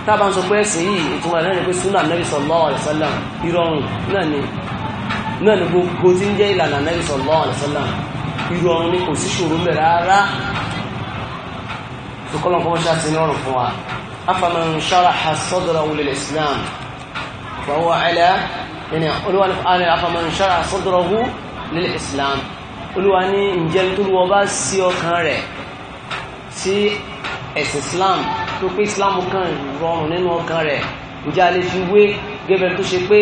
tá a bá ń sọ pé ẹ̀sìn yìí ìtumọ̀ rẹ̀ ni pé sunnah nabi sallallahu alaihi wasallam ìrọ̀rùn náà ni náà ni gbogbo tí ń jẹ́ ìlànà nabi sallallahu alaihi wasallam ìrọ̀rùn ni kò sí ṣòro ńbẹ rárá tó kọ́ lọ́n kọ́ ṣáà ti ní ọ̀rùn فهو على يعني قلوا أنا أفمن شرع صدره للإسلام قلوا أني إنجل قلوا بس سيو كان sí ẹ̀sìn Islam tó pé Islam kan rọrùn nínú ọkàn rẹ̀ ǹjẹ́ a lè fi wé gẹ́gẹ́ tó ṣe pé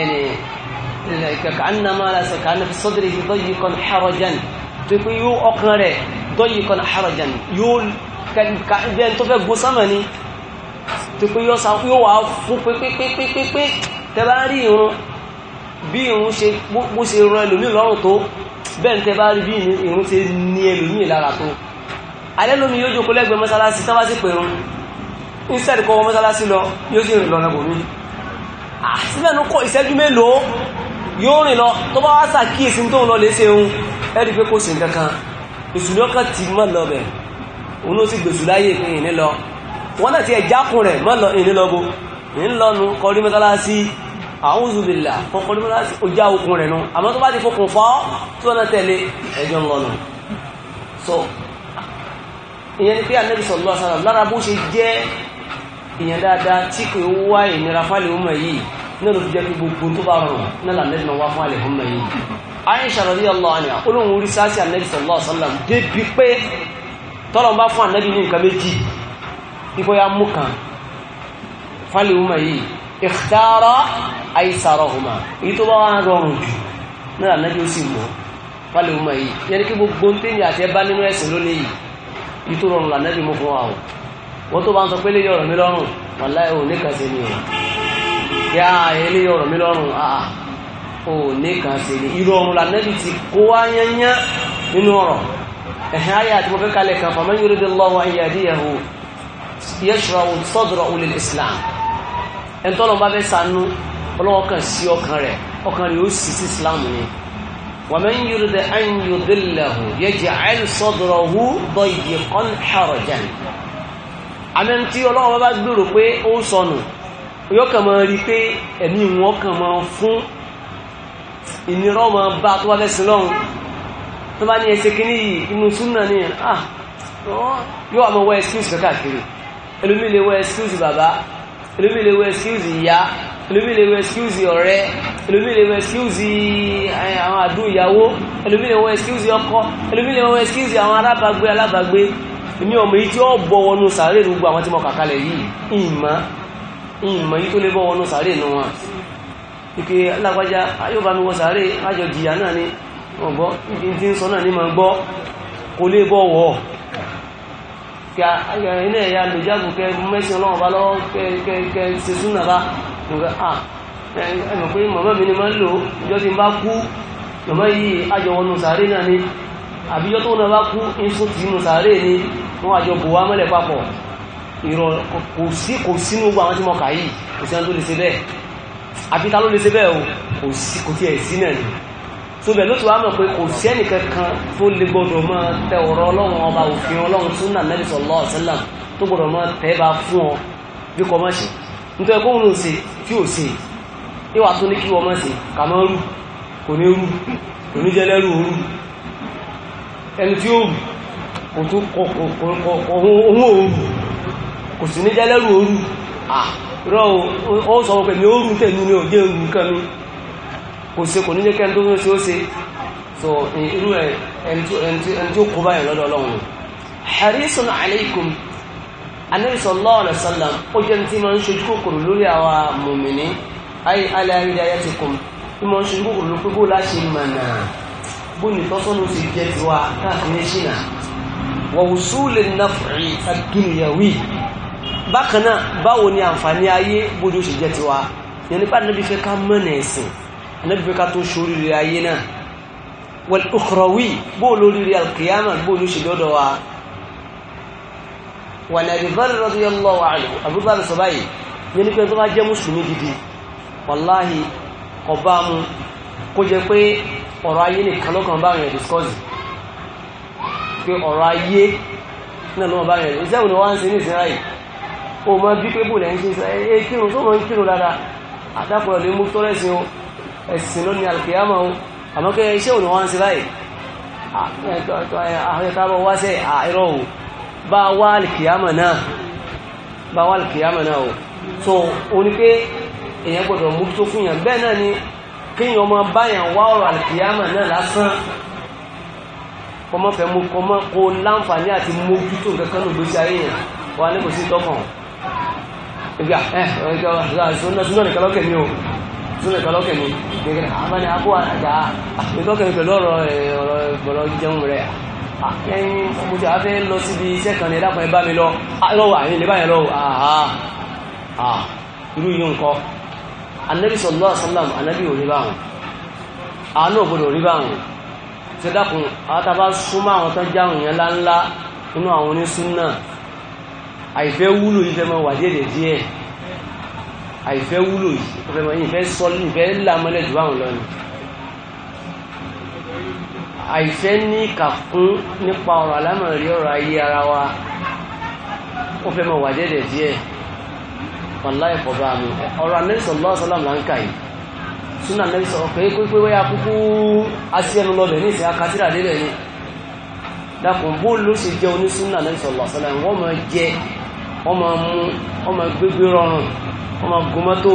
ẹni kàkà annama aláṣẹ kàkà annafi sọ́dẹ̀rẹ̀ yìí dọ́yìí kan harajan tó pé yóò ọkàn rẹ̀ dọ́yìí kan harajan yóò kàkà bẹ́ẹ̀ tó fẹ́ gbó sámà ni tó pé yóò sa yóò wá fún pépépépépé tẹ bá rí irun bí irun ṣe bó ṣe ran ẹlòmíì lọ́rùn tó bẹ́ẹ̀ ni tẹ bá rí bí irun ṣe ní ẹlòmíì lára tó alẹ́ lómi yóò jókòó lẹ́gbẹ̀ẹ́ mọ́sálásí tó bá sì pè irun instead kọ́ wọ mọ́sálásí lọ yóò sì rìn lọ lọ́bọ̀ mi síbẹ̀ ní kọ́ ìṣẹ́jú mélòó yóò rìn lọ tó bá wá sàkíyèsí tó ń lọ lè ṣe ohun ẹ̀rí pé kò sí nǹkan kan ìṣùlọ́kàn ti mọ́ lọ bẹ̀ òun ló sì gbèsù láyé ìpín wọ́n náà ti ẹ̀jákùn rẹ̀ mọ́ lọ ìrìnlọ́gbò ìrìnlọ́nu kọrí mẹ́tàlásí àwọn òzùbìlà kọrí mẹ́tàlásí ojá okùn rẹ̀ nù àmọ́ tó bá ti fokùn fọ́ tí wọ́n náà tẹ̀lé ẹjọ́ ńlọ́nu so ìyẹn ni pé Ànábì sallallahu alaihi wasallam lára bó ṣe jẹ́ ìyẹn dáadáa tí kò wá ìnira fálẹ̀ ọmọ yìí náà ló fi jẹ́ pé gbogbo tó bá rọrùn náà lànàbì náà wá fún àlẹ̀ ọmọ yìí Aisha radiyallahu anha olóhùn orí sáà sí Ànábì sallallahu alaihi débi pé tọ́lọ́ bóyá mú kan fálẹ̀wùmá yìí ìkhtara àìsàrọ̀hùmá èyí tó bá wà rọrùn jù náà lẹ́jọ́ sì mọ́ fálẹ̀wùmá yìí yẹn kí gbogbo tẹ́yìn àti ẹbá nínú ẹ̀sìn lónìí yìí èyí tó rọrùn lànàbí mú fún wa o wọ́n tó bá ń sọ pé lè yọ̀rọ̀ mi lọ́rùn wàláhì ò ní kan ṣe ni o yá ilé yọ̀rọ̀ mi lọ́rùn àà ò ní kan ṣe ni ìrọ̀rùn lànàbí ti kó wá yányán nínú ọ̀rọ̀ ẹ̀hìn ayé àti mo fẹ́ kalẹ̀ kan faman yuridillahu yẹ́ṣọ́ra sọ́dọ̀rọ̀ olè islam ẹni tọ́lọ́ bá fẹ́ sanú ọlọ́wọ́ kan sí ọkàn rẹ̀ ọkàn rẹ̀ ó sì sí islam ni wọ́n mẹ́rin yóò rẹ̀ ẹ̀yìn yóò dé lẹ́hù yẹ́jẹ̀ àìl sọ́dọ̀rọ̀ hù dọ̀yì kan hàrọ̀jàn àmì tí ọlọ́wọ́ bá gbèrò pé ó sọnù yóò kàn máa rí pé ẹ̀mí wọn kàn máa fún ìnira ọmọ bá tó wá lẹ́sìn lọ́hùn tó bá ní ẹsẹ̀ kínní yìí inú súnà ní à ah, yóò àmọ́ wá ẹsẹ̀ ìṣẹ́ káàkiri ẹlòmíì lè wọ ẹskúùsì bàbá ẹlòmíì lè wọ ẹskúùsì ìyá ẹlòmíì lè wọ ẹskúùsì ọ̀rẹ́ ẹlòmíì lè wọ ẹskúùsì eh, àwọn àdó ìyàwó ẹlòmíì lè wọ ẹskúùsì ọkọ ẹlòmíì lè wọ ẹskúùsì àwọn alábàgbé alábàgbé èmi ọmọ yìí tí ó bọ wọnú sàárè gbogbo àwọn tí mo kà kalẹ̀ yìí ìmọ̀ ìmọ̀ yìí tó lè bọ́ wọnú sàárè nù wọn ike alágbájá yóò bá mi wọ sàárè ájọ jìyà náà ni ọgbọ́ ibi tí ń sọ náà ni mà ń gbọ́ kò lè bọ́ wọ̀ kí ayọ̀rìn náà ya lò jáàbù kẹ mẹ́sìn ọlọ́run bá lọ́wọ́ kẹ kẹ kẹ ṣe súnà bá nǹkan à ẹ̀mọ̀ pé màmá mi ni máa ń lò ìjọ tí n bá kú màmá yìí àjọwọ́nù sàárè náà ni àbíjọ́ tó náà bá kú ìsún tì nù sàárè ni wọ́n àjọ bò wá mọ́lẹ̀ papọ̀ ìrọ̀ kò sí kò sínú gbogbo àwọn tí mo kà yìí kò sí àwọn tó lè ṣe bẹ́ẹ̀ àbí ta ló lè ṣe bẹ́ẹ̀ o kò sí kò tiẹ̀ sí náà sobẹ̀ ló ti wá mọ̀ pé kò sí kankan kan tó lè gbọdọ̀ máa tẹ ọ̀rọ̀ ọlọ́run ọba òfin ọlọ́run súnà Nabi sallallahu alaihi wasallam tó gbọdọ̀ máa tẹ́ bá fún ọ bí kò má ṣe nítorí kó ń ṣe tí ò ṣe ìwà tó ní kí wọ́n má ṣe kà rú kò ní rú kò ní ẹni tí ó kò ohun kò sì ni ò kò ṣe kò ní jẹ́ kẹ́ni tó ń ṣe ó ṣe so irú ẹ̀ ẹni tí ó kó báyìí lọ́dọ̀ ọlọ́run harisun aleikum anabi sallallahu alaihi wasallam ó jẹ́ tí ma ń ṣojú kòkòrò lórí àwa mùmìnì ayé aláàrídá ayé ti kùn tí ma ń ṣojú kòkòrò lórí pé bó láṣẹ mọ̀nà bó ní tọ́sọ́nù ti jẹ́ tiwa káàkiri ṣìnà wa wùsùlẹ̀ naf'i ad-dunyawi bákan náà báwo ni àǹfààní ayé bójú ṣe jẹ́ tiwa yẹn nípa nàbí fẹ́ ká mọ̀nà ẹ̀sìn Ànábì fẹ́ ká tó ṣoríire ayé náà wal ukhrawi bó lóríire alkiyama bó ló ṣe lọ́dọ̀ wa wà ní Abubakar radiyallahu anhu Abubakar sọ báyìí ní ní pé tó bá jẹ́ mùsùlùmí gidi wàláhì ọba mu kó jẹ pé ọ̀rọ̀ ayé nìkan lọ́kàn bá rẹ̀ discourse pé ọ̀rọ̀ ayé náà lọ́wọ́ bá rẹ̀ iṣẹ́ òní wọ́n ń ṣe ní ìsinra o mọ bí pé bò lẹ́yìn ṣe é kírun tó mọ ń kírun dáadáa àdápọ̀ lè tọ́lẹ́sìn o ẹ̀sìn lónìí alkiyama ohun àmọ́ kí iṣẹ́ òní wọ́n ń ṣe báyìí àwọn ẹ̀ka bọ́ wá sẹ́ àìrọ̀ o bá wá so o ní pé èèyàn gbọ́dọ̀ mú fún yàn bẹ́ẹ̀ náà ni kéèyàn ọmọ báyàn wá ọ̀rọ̀ alkiyama náà lásán kọmọ fẹ́ mú kọmọ kó láǹfààní àti mójútó nǹkan kan lògbèsí ayé yẹn wà ní kò sí tọkàn ìgbà ẹ ọjọ́ ìṣúná ìṣúná nìkan lọ́kẹ̀ mi o súnmọ̀ ìtọ́lọ́kẹ̀ mi gẹ́gẹ́ àmàni àbú àjà ìtọ́kẹ̀ mi pẹ̀lú ọ̀rọ̀ ọ̀rọ̀ ìgbọ̀rọ̀ jẹun rẹ̀ akẹ́yìn mo ti àfẹ́ lọ síbi iṣẹ́ kan ní ẹ̀dàkùn ẹ bá mi lọ lọ́wọ́ àyìn lè báyẹn lọ́wọ́ àhà irú yìí nǹkan anabi sallallahu alaihi wasallam anabi ò rí báwọn àánú ògbọ́dọ̀ rí báwọn ṣe dákun àtàbá súnmọ́ àwọn tán jáwọn èèyàn ńláńlá nínú àwọn onísúnnà àìfẹ́ wúlò ìfẹ́ mọ́ wàdí èdè díẹ̀ àìfẹ́ wúlò yìí ọ̀fẹ́ mọ̀ ìfẹ́ sọ ìfẹ́ làmọ́lẹ̀ jù báwọn lọ ni àìfẹ́ ní kàkún nípa ọ̀rọ̀ alámọ̀rí ọ̀rọ̀ ayé ara wa ó fẹ́ mọ̀ wà dẹ́dẹ̀ díẹ̀ wàláì fọ̀bá mi ọ̀rọ̀ anẹ́sọ̀ lọ́sọ̀lọ́m là ń kà yìí súnà anẹ́sọ̀ ọ̀pẹ́ pípé wáyà kúkú asiẹnu lọ́bẹ̀ ní ìsìn akásíra débẹ̀ ni dàpọ̀ bó ló ṣe jẹ́ onísúnà anẹ́sọ̀ lọ́sọ̀lọ́m wọ́n máa jẹ wọ́n máa mú wọ́n máa gbégbé rọrùn wọ́n máa gun mọ́tò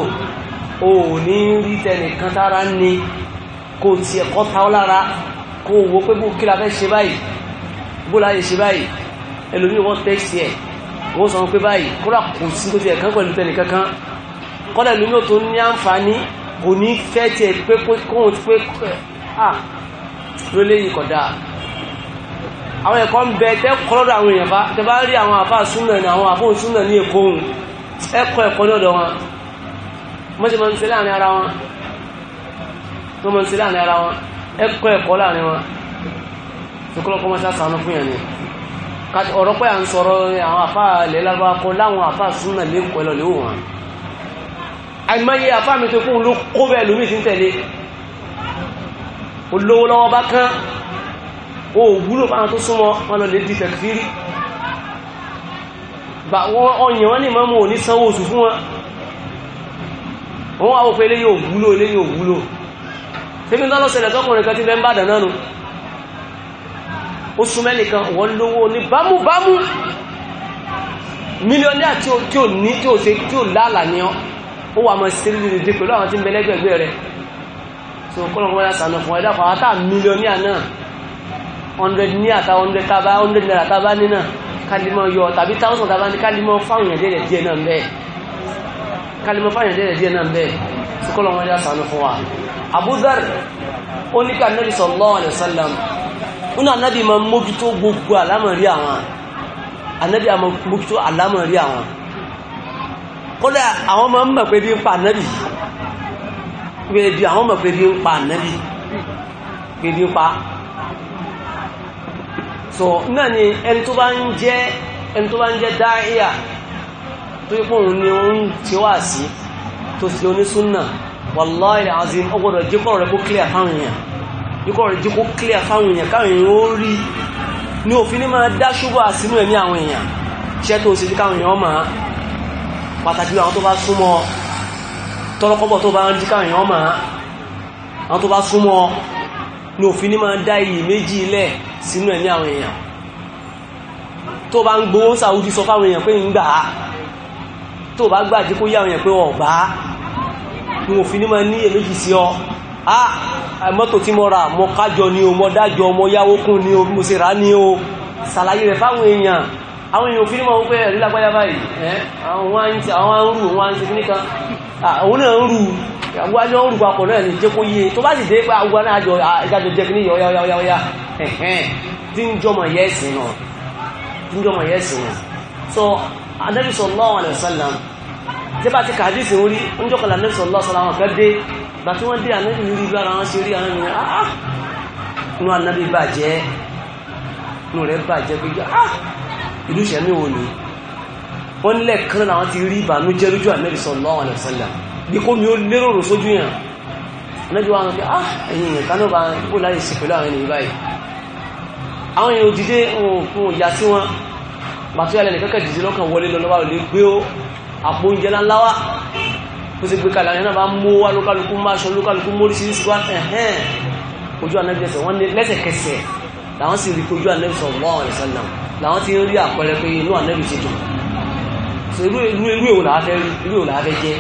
o ò ní rí tẹnìkan tára ní kò tí ẹ̀kọ́ ta ọ́ lára kò wo pé bó kí la fẹ́ ṣe báyìí bó la yẹ ṣe báyìí ẹlòmíì wọ́n tẹ́sí ẹ̀ wọ́n sọ pé báyìí kódà kò sí tó ti ẹ̀kan pẹ̀lú tẹnìkankan kódà ẹlòmíì tó ní àǹfààní kò ní fẹ́ tiẹ̀ pé kóhun ti pé à lólé yìí kódà àwọn ẹ̀kọ́ ń bẹ tẹ́ kọ́lọ́dọ̀ àwọn èèyàn bá tẹ́ bá rí àwọn àfáà ẹ̀kọ́ ẹ̀kọ́ lọ́dọ̀ wọn wọ́n ṣe máa ń ṣe láàrin ara wọn wọ́n máa ń ṣe láàrin ara wọn ẹ̀kọ́ ẹ̀kọ́ láàrin wọn ṣùkúlọ́kọ́ máa ṣàṣàánú fún yẹn ni ọ̀rọ̀ pé à ń sọ̀rọ̀ àwọn àfa ilẹ̀ lárúbáwá kọ láwọn àfa súnà lẹ́kọ̀ọ́ ẹ̀ lọ lẹ́wọ̀ wọn àìmọye àfa mi tó kún ló kó bẹ́ẹ̀ lómi ti ń tẹ̀lé olówó lọ́wọ́ bá kán òwúlò fáwọn tó súnmọ́ wọn lọ lè di tẹ̀kírí bá ọyàn wọn ní mọ́mù ò ní sanwó oṣù fún wọn wọ́n àwọ̀ pé eléyìí ò wúlò eléyìí ò wúlò tẹ́bí tọ́lọ́ sẹlẹ̀ tọ́kùnrin kan ti bẹ́ ń bàdàn náà nù ó súnmẹ́ nìkan wọ́n lówó ní bámúbámú mílíọ̀nìyà tí ò ní tí ò ṣe tí ò lálà ní ọ ó wà mọ́ sí lílì dé pẹ̀lú àwọn tí ń bẹ lẹ́gbẹ̀gbẹ̀ rẹ̀ so kọ́nà wọn yà sànà fún ẹ̀dá fún àwọn mílíọ̀nìyà 100 ní àtà 100 tábá 100 náírà tábá kálímọ̀ yọ tàbí táwọn tàbá ní kálímọ̀ fáwọn èèyàn dẹ̀rẹ̀ díẹ̀ náà bẹ́ẹ̀ kálímọ̀ fáwọn èèyàn dẹ̀rẹ̀ díẹ̀ náà bẹ́ẹ̀ sukọ́lọ̀ wọn yá sànú fún wa abudar ó ní ká nabi sallallahu alaihi wasallam nínú anabi máa ń mójútó gbogbo àlámọ̀rí àwọn anabi máa ń mójútó àlámọ̀rí àwọn kódà àwọn máa ń mọ̀ pé bí ń pa anabi pé bí àwọn mọ̀ pé bí ń pa anabi pé bí ń pa anabi so náà ni ẹni tó bá ń jẹ́ ẹni tó bá ń jẹ́ dáíyà tó yẹ kóhun ni ó ti wá sí tó sì lóní súnà wallahi azim ó gbọ́dọ̀ jẹ́ kọ́rọ̀ rẹ̀ kó clear fáwọn èèyàn jẹ́ kọ́rọ̀ rẹ̀ jẹ́ clear fáwọn èèyàn káwọn èèyàn ó rí ní òfin ní máa dá ṣubú àsínú ẹ̀mí àwọn èèyàn ṣẹ́ tó ṣe káwọn èèyàn máa pàtàkì àwọn tó bá súnmọ́ tọ́lọ́kọ́bọ̀ tó bá ń jí káwọn èèyàn máa àwọn tó bá súnmọ́ ní òfin ní máa dá iyì méjì ilẹ̀ sínú ẹ̀mí àwọn èèyàn tó bá ń gbowó sàwùdí sọ fáwọn èèyàn pé ń gbà á tó bá gbà jẹ́ kó yá àwọn èèyàn pé wọ́n gbà á ni wọ́n fi ní máa ní èméjì sí ọ á mọ́tò tí mo ra mo kájọ ni o mo dájọ mo yáwó kún ni o mo sì rà ni o ṣàlàyé rẹ̀ fáwọn èèyàn àwọn èèyàn òfin mọ̀ wípé ẹ̀rí lágbáyá báyìí àwọn arúrù wọn ń ṣe fi níkan àwọn náà àwọn ajọ́ ń náà ní jẹ́ yé tó bá sì dé pé àwọn náà àjọ jẹ́ kí ní yọ yáyáyáyá ẹ̀hẹ́n tí ń jọmọ̀ yẹ́ ẹ̀sìn náà tí ń jọmọ̀ yẹ́ náà so Ànábì sallallahu alaihi wasallam jẹ́bà ti kàdísì orí ń jọ́kọ̀lá Ànábì sallallahu alaihi wasallam kan dé bá tí wọ́n dé Ànábì rí bí ara wọn ṣe rí àwọn ènìyàn áá inú Ànábì bàjẹ́ inú rẹ̀ bàjẹ́ pé áá ìlú ìṣẹ́mi wo ni wọ́n nílẹ̀ kan làwọn ti rí ìbànújẹ́ lójú sallallahu alaihi wasallam bí kò ní ó lérò rò sójú yàn Ànábì wa ah, ń pẹ́ áá ẹ̀yìn ìkànnì àwọn èèyàn òdìdé nǹkan ìyá sí wọn bàtú yàlẹ̀ nìkan kẹ̀dìdì lọ́kàn wọlé lọ lọ́wọ́ lè gbé àpò oúnjẹ ńláńlá wá kó sì gbé kalẹ̀ àwọn èèyàn bá mú wá lókàlùkù máa ṣọ lókàlùkù móríṣiríṣi wá ẹ̀hẹ́n ojú ànábì ẹsẹ̀ wọ́n ní lẹ́sẹ̀kẹsẹ̀ làwọn sì rí ojú ànábì sallallahu alaihi wasallam làwọn ti rí àpẹẹrẹ pé inú ànábì ti dùn so irú irú èwo làá fẹ́ rí irú èwo làá fẹ́ jẹ́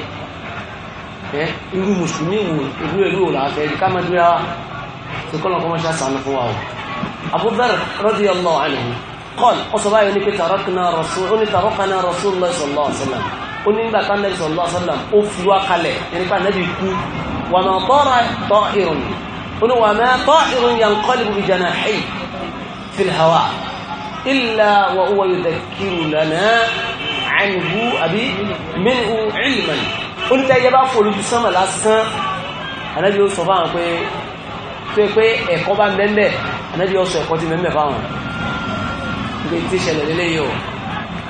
ẹ irú mùsùlùmí wo irú èwo làá fẹ́ rí ká má dúró wa so kọ́lọ̀ kọ́ mọ́ ṣáà sànù fún wa o. أبو ذر رضي الله عنه قال أصبعي أنك تركنا رسول أني تركنا رسول الله صلى الله عليه وسلم أني بقى النبي صلى الله عليه وسلم أفوا قلي يعني بقى النبي يكون وما طار طائر أنه وما طائر ينقلب بجناحيه في الهواء إلا وهو يذكر لنا عنه أبي منه علما أنت يبقى فلو بسم الله السلام أنا بيو صباح pé pé ẹ̀kọ́ bá ń bẹ́ẹ̀ ànábì ọ̀sọ̀ ẹ̀kọ́ ti mẹ́mẹ́ fáwọn pé tí ìṣẹ̀lẹ̀ lélẹ́ yìí ó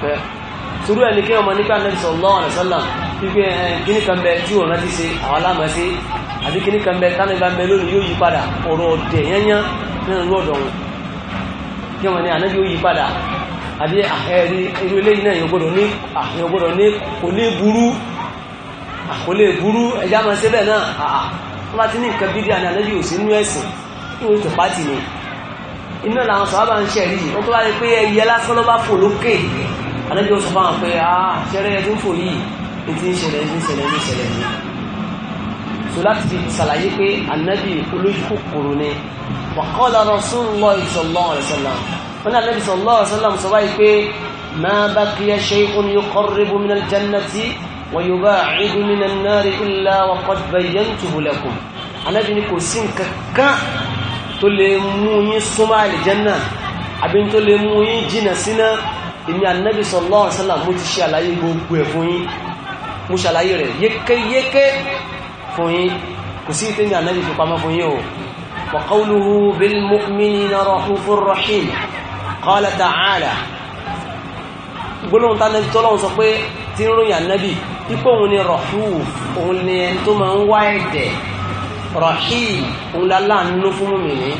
pẹ́ sùúrù ẹni kí ọmọ nípa ànábì sallallahu alaihi wasallam pípẹ́ kíní kan bẹ tí òun rántí ṣe àwọn aláàmọ́ sí àbí kíní kan bẹ tánà ìgbà mẹ lónìí yóò yí padà ọ̀rọ̀ ọ̀dẹ̀ yányán nínú ọ̀dọ̀ wọn kí ọmọ ní ànábì ó yí padà àbí ẹ̀rí irú eléyìí náà yóò gbọ́dọ̀ ní àyàn gbọ́dọ̀ ní kò lè burú kò lè burú ẹ̀yà máa ṣe bẹ́ẹ̀ náà àà wọ́n ní nǹkan bídíà ní ni iná làwọn sọ̀rọ̀ ń ṣẹ̀rí wọ́n tó bá rí pé ẹyẹ lásán ló bá fò lókè alẹ́bí ó sọ fáwọn pé ah ṣẹ́rẹ́ ẹ tó ń fò yìí ní ti ń ṣẹlẹ̀ ní ṣẹlẹ̀ ní ṣẹlẹ̀ ní. so láti fi ṣàlàyé pé anabi olójú kòkòrò ni wàkọ́lá Rasulullah sallallahu alaihi wasallam wọn ní anabi sallallahu alaihi wasallam sọ báyìí pé ma baqiya shay'un yuqarribu min al-jannati ni kò sí nǹkan kan tó lè mú yín súnmọ́ àlìjẹ́nà àbí tó lè mú yín jìnà síná èmi ànábì sallallahu alaihi wasallam mo ti ṣe àlàyé gbogbo ẹ̀ fún yín mo ṣàlàyé rẹ̀ yékéyéké fún yín kò sí ìtẹ́mi ànábì fi pamọ́ fún yín o wa qawluhu bil mu'minina rahufur rahim qala ta'ala rahim òun la láàánú fún mi ní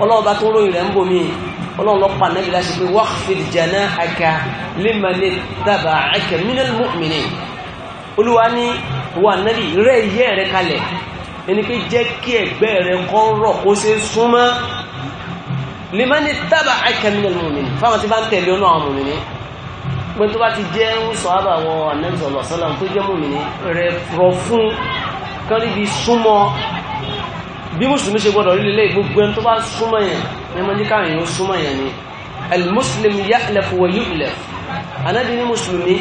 ọlọ́run bá tó ròyìn rẹ̀ ń bò mí ọlọ́run lọ pa nẹ́bí láti pé wakhfid janahaka liman ittaba'aka minal mu'minin olúwa ní wà nẹ́bí rẹ̀ yẹ́ rẹ̀ kalẹ̀ ẹni pé jẹ́ kí ẹ̀gbẹ́ rẹ̀ kọ́ rọ̀ kó ṣe súnmọ́ liman ittaba'aka minal mu'minin fáwọn tí bá ń tẹ̀lé ọ̀nà àwọn tó bá ti jẹ́ ń sọ àbà àwọn tó jẹ́ mu'minin rẹ̀ rọ̀ fún kan níbi súnmọ́ bí mùsùlùmí ṣe gbọ́dọ̀ rí lélẹ́ gbogbo ẹni tó bá súnmọ́ yẹn ní ẹmọ ní káàrin ó súnmọ́ yẹn ni al-muslim ya'laf wa yu'laf anábì ní mùsùlùmí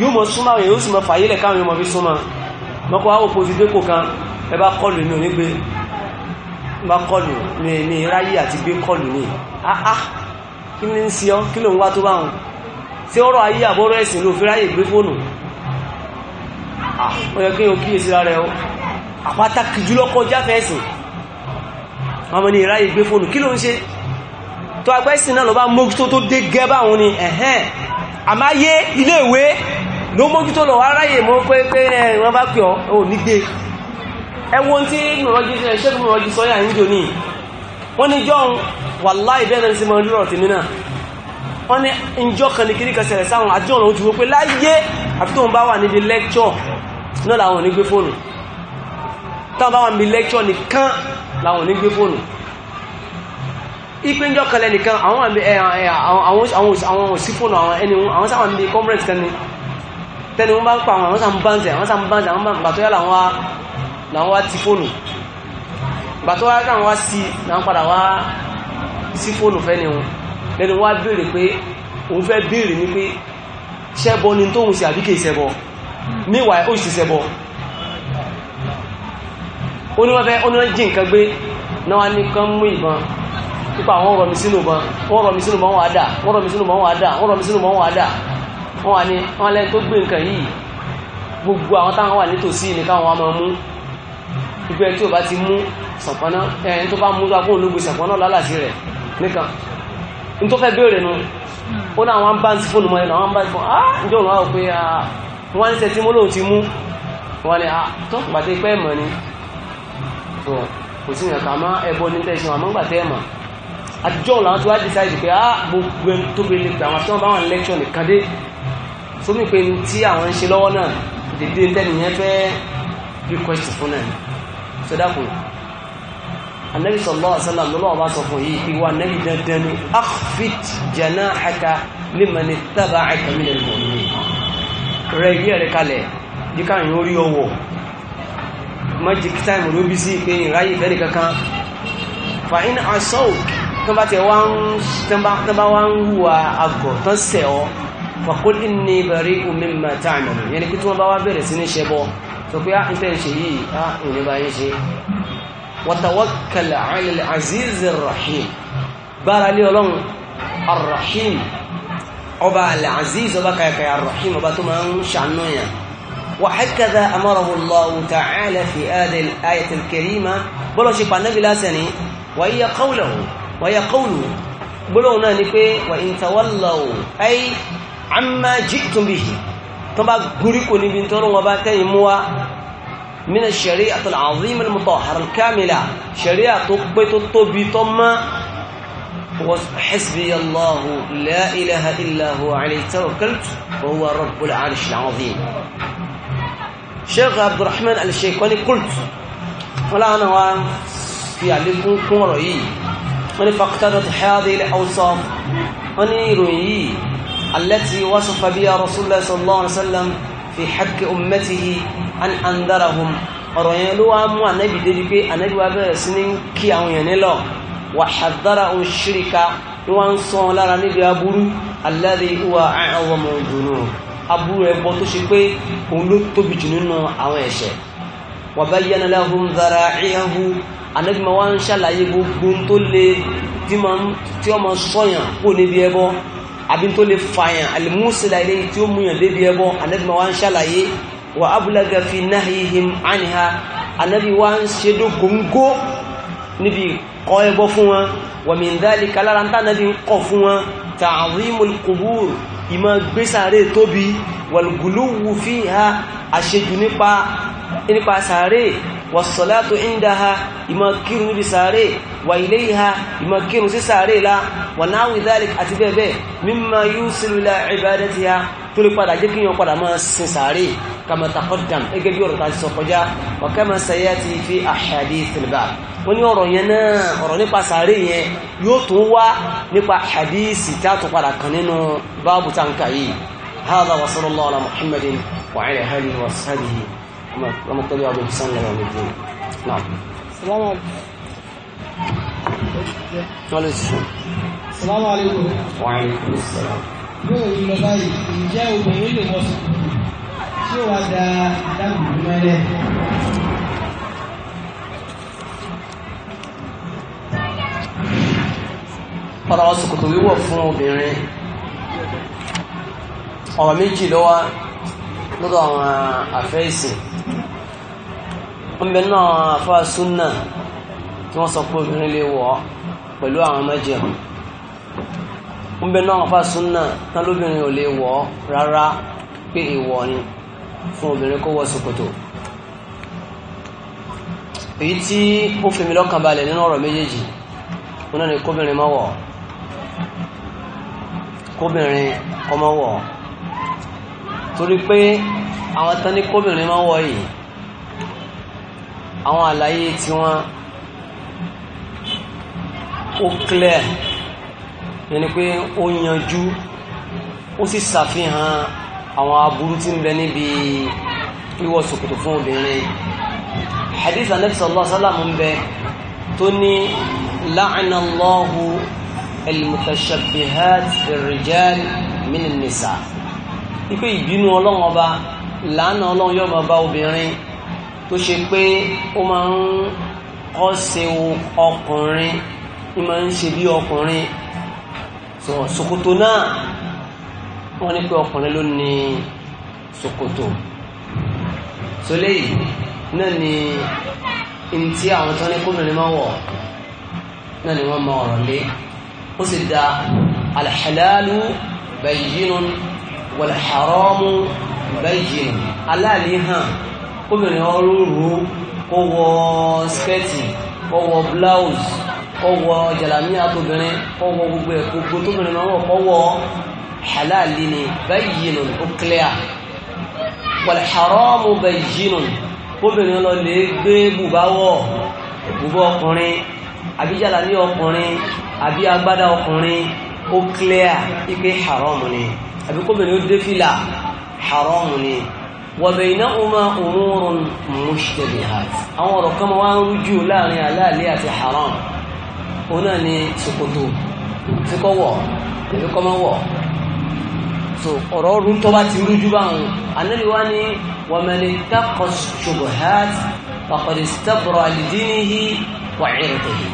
yóò mọ̀ súnmọ́ yẹn yóò sì mọ̀ fàyílẹ̀ káàrin ọmọ bí súnmọ́ mọ́kọ́ àwọn òpó ti gbékò kan ẹ bá kọlù mi ò ní gbé bá kọlù mi ní ráyè àti gbé kọlù mi áá kí ni ń si ọ kí ló ń wá tó bá wọn ṣé ọ̀rọ̀ ayé àbọ̀rọ̀ ẹ̀sìn ló fi ráyè gbé fóònù ó yẹ kí kíyèsí rárẹ o àpátákì jùlọ kọjá fẹ́ ẹ̀sìn àwọn ní ìráyè gbé fóònù kí ló ń ṣe tó agbẹ́sìn náà lọ bá mójútó tó dé gẹ́bà òun ni ẹ̀hẹ́n àmáyé iléèwé ló mójútó lọ aráyè mọ́ pé pé wọ́n bá pè ọ́ ní dé ẹwọ tí nùrọ̀jú ṣẹ́gun nùrọ̀jú sọ́yà ń jò ní wọ́n ní jọ́un wà láì bẹ́ẹ̀ lẹ́nu sí mọ́ lúrọ̀ táwọn bá wà mí lẹ́kṣọ́ nìkan làwọn ní gbé fóònù ìpéjọ kan lẹ́nìkan àwọn òsì fóònù àwọn ẹni àwọn sáwọn níbi conference kan ni tẹni wọn bá ń pa àwọn sáà ń báńsẹ̀ àwọn sáà ń báńsẹ̀ àwọn bàbá tó yà làwọn wá ti fóònù gbà tó wá káwọn wá sí làwọn padà wá sí fóònù fẹ́ ni wọn lẹ́nu wá béèrè pé òun fẹ́ béèrè ni pé ṣẹ́bọ ni tóun ṣe àbíkè ṣẹbọ níwàá ó sì ó ní wọ́n fẹ́ ó ní wọ́n jí nǹkan gbé náà wá ní kán mú ìbọn pípa àwọn rọmi sínú ìbọn wọ́n rọmi sínú ìbọn wọn àdá wọ́n rọmi sínú ìbọn wọn àdá wọ́n rọmi sínú ìbọn wọn àdá wọ́n wà ní wọ́n lẹ́yìn tó gbé nǹkan yìí gbogbo àwọn táwọn wà nítòsí ní káwọn wà máa mú ìgbẹ́ tí ò bá ti mú sànpọ́nà ẹni tó bá mú tó akóhùn ló gbé lálàsí rẹ̀ nìkan ní tó fẹ́ béèrè nu ó ní àwọn báńsì fóònù mọ́ ẹ̀nà àwọn báńsì fóònù ah ǹjẹ́ òun wá wò pé ah! wọ́n ń sẹ́tí mọ́ lóun ti mú wọ́n ní ah tó pàtẹ́ pẹ́ mọ̀ ni so kò sí nǹkan má ẹbọ ní tẹ̀sán àmọ́ gbà tẹ́ ẹ̀ mọ̀ àtijọ́ làwọn ti wá decide pé á ah, gbogbo ẹni tó bẹ lè pè àwọn àti wọn bá wọn lẹ́kṣọ̀ nìkan dé sómi pé ní tí àwọn ń ṣe lọ́wọ́ náà dédé tẹ́nìyẹn fẹ́ request fún náà sọdákùn anabi sallallahu alaihi wasallam lọ́wọ́ sọ fún yìí ìwà anabi dandan ni akhfit janahaka liman ittaba'aka minal mu'minin rẹ̀ yí ẹ̀rẹ̀ kalẹ̀ díkà yóò rí ọwọ́ magic time ló bí sí pé ìráyè ìfẹ́ nìkankan fàáyín aṣọ́ tó bá tẹ wá ń hùwà àgọ̀ tó sẹ̀ ọ́ fàkó ní bẹ̀rẹ̀ omi mẹ́ta àmàlù yẹn ni pé tí wọ́n bá wá bẹ̀rẹ̀ sí ní ṣe bọ́ tó pé á ah, ń tẹ́ ṣe yìí á ah, ìní bá yín ṣe wàtàwọ́kàlà àìlẹ̀ aziz rahim gbára lé ọlọ́run arrahim ọba alẹ́ aziz ọba kàkàyà rahim ọba tó máa ń ṣàánú yàn وهكذا أمره الله تعالى في هذه الآية الكريمة بلو شبه النبي لاسني وهي قوله وهي قوله بلو نانيكي وإن تولوا أي عما جئتم به طبعا قريكو نبنتور وباتين موا من الشريعة العظيمة المطهرة الكاملة شريعة تقبط الطبي ثم حسبي الله لا إله إلا هو عليه توكلت وهو رب العرش العظيم sheikh abdulrahman al-sheikhani kultu wọ́n láwọn wa fi àlékún kún ọ̀rọ̀ yìí wọ́n ní faqtadat hadhihi al-awsaf wọ́n ní ìròyìn yìí allati wasafa biha rasulullah sallallahu alaihi wasallam fi haqqi ummatihi an andarahum ọ̀rọ̀ yẹn ló wá mú ànábì débi pé ànábì wa bẹ̀rẹ̀ sí ní kí àwọn èèyàn nílọ wà wọ́n sọ lára níbi aburú ẹbọ tó ṣe pé òun ló tóbi jù nínú àwọn ẹ̀ṣẹ̀ wa bayyana lahum dhara'i'ahu anabi ma wá ń ṣàlàyé gbogbo tó lè tí ó máa sọyàn kó níbi ẹbọ àbí tó lè fàyàn alimusila ilé tí ó múyàn débi ẹbọ anabi ma wá ń ṣàlàyé wa abúlága fi nahihim anha anabi wá ń ṣe dó góńgó níbi kọ́ ẹbọ fún wọn wa min ń tà anabi ń kọ̀ fún wọn ta'zimul qubur ìmọ̀ gbésàárè tóbi wàlgùlúwù fi ha àṣejù nípa sàárè wàsọ̀látò ìndáha ìmọ̀ kírù níbi sàárè wà ilé ìhà ìmọ̀ kírù sí sàárè lá wà náwì dálìk àti bẹ́ẹ̀bẹ́ẹ̀ mímọ̀ yóò sílùlá ìbádẹ́ ti ha tó lè padà jẹ́ kíyàn padà máa sin sàárè كما تقدم اجل يورو تاج سوكوجا وكما سياتي في احاديث الباب وني اورو ينا اورو نيبا ساري ين يو تون وا نيبا حديث تا تو بارا كان نينو باب تانكا يي هذا وصلى الله على محمد وعلى اله وصحبه ومن تبعه بإحسان الى يوم الدين نعم السلام عليكم السلام عليكم وعليكم السلام bóòlù lọ báyìí ǹjẹ́ obìnrin lè wọ́sùn yóò wá wíwọ̀ fún obìnrin ọ̀rọ̀ méjì ló lọ́dọ̀ àwọn àfẹ́ ìsìn ọmọbìnrin náà àfẹ́ súnà tí wọ́n sọ pé obìnrin lè wọ̀ pẹ̀lú àwọn májẹ̀mú ọmọbìnrin náà àfẹ́ súnà tán lóbìnrin ò lè wọ̀ rárá pé èèwọ̀ ni fún obìnrin kó wọ ṣòkòtò èyí tí ó fi mi lọ́kàn balẹ̀ nínú ọ̀rọ̀ méjèèjì wọn náà ni kóbìnrin má wọ̀ kóbìnrin kó má wọ̀ torí pé àwọn tán ní kóbìnrin má wọ̀ yìí àwọn àlàyé tí wọ́n ó clear yẹn ni pé ó yanjú ó sì ṣàfihàn àwọn aburú tí ń bẹ níbi wíwọ̀ ṣòkòtò fún obìnrin hadith anabi sallallahu alaihi wasallam ń bẹ tó ní la'ana Allahu al-mutashabbihat bir-rijal min an-nisa ipe ìbínú ọlọ́run ọba làánà ọlọ́run yóò máa bá obìnrin tó ṣe pé ó máa ń kọ́sẹ̀ ọkùnrin ní máa ń ṣe bí ọkùnrin ṣòkòtò náà wọ́n ní pé ọkùnrin ló ní ṣòkòtò sólé yìí náà ni n tí àwọn tó ní kóbìnrin máa wọ̀ náà ni wọ́n máa ọ̀rọ̀ lé ó sì da alhalalu bayyinun walharamu bayyinun aláàlí hàn kóbìnrin ọrùrù kó wọ skẹ́ẹ̀tì kó wọ blouse kó wọ jàlámíà tóbìnrin kó wọ gbogbo ẹ̀ gbogbo tóbìnrin máa wọ̀ kó wọ ọ́ halal ni bayyinun ó clear wal haramu bayyinun kóbìnrin lọ lè gbé bùbáwọ̀ bùbá ọkùnrin àbíjàlá ní ọkùnrin àbí agbádá ọkùnrin ó clear ike haramu ni àbí kóbìnrin ó dé fìlà haramu ni wa baynahuma umurun mushtabihat àwọn ọ̀rọ̀ kan wá ń rújú láàrin halal àti haram òun náà ni ṣòkòtò tí kò wọ̀ tàbí kò má wọ̀ so ọ̀rọ̀ ọdún tó bá ti rújú báwọn anábì wá ní wàmẹ̀lì takọ̀ ṣubuhat pàkọ̀dé sítẹ́bọ̀rọ̀ àdìdínìhì wà ìrìtẹ̀hì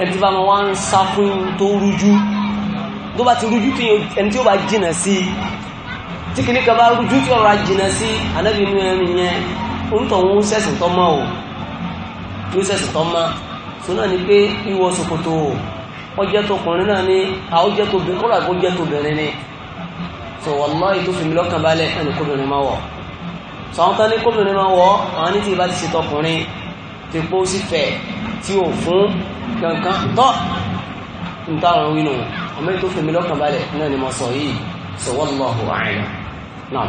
ẹni tí bá ma wá ń sá fún tó rújú tó bá ti rújú tí ẹni tí ó bá jìnà sí tí kìíní kan bá rújú tí ọ̀rọ̀ jìnà sí anábì inú ẹni yẹn ń tọ̀ ń sẹ̀sìn tọ́ mọ́ o ń sẹ̀sìn tọ́ mọ́ so náà ni pé ìwọ ṣòkòtò tó kùnrin náà ni àwọn jẹ́ tó bẹ̀rẹ̀ kọ́lá so wallahi tó fi mi lọ́kàn balẹ̀ ẹni kóbìnrin máa wọ̀ so àwọn tán ní kóbìnrin máa wọ̀ àwọn ní tí ìbá ti ṣe tọkùnrin ti pọ́ sí fẹ̀ tí ò fún kankan tọ́ n táwọn wínú ọmọ èyí mi lọ́kàn balẹ̀ náà ni mo sọ yìí so wallahu a'lam náà.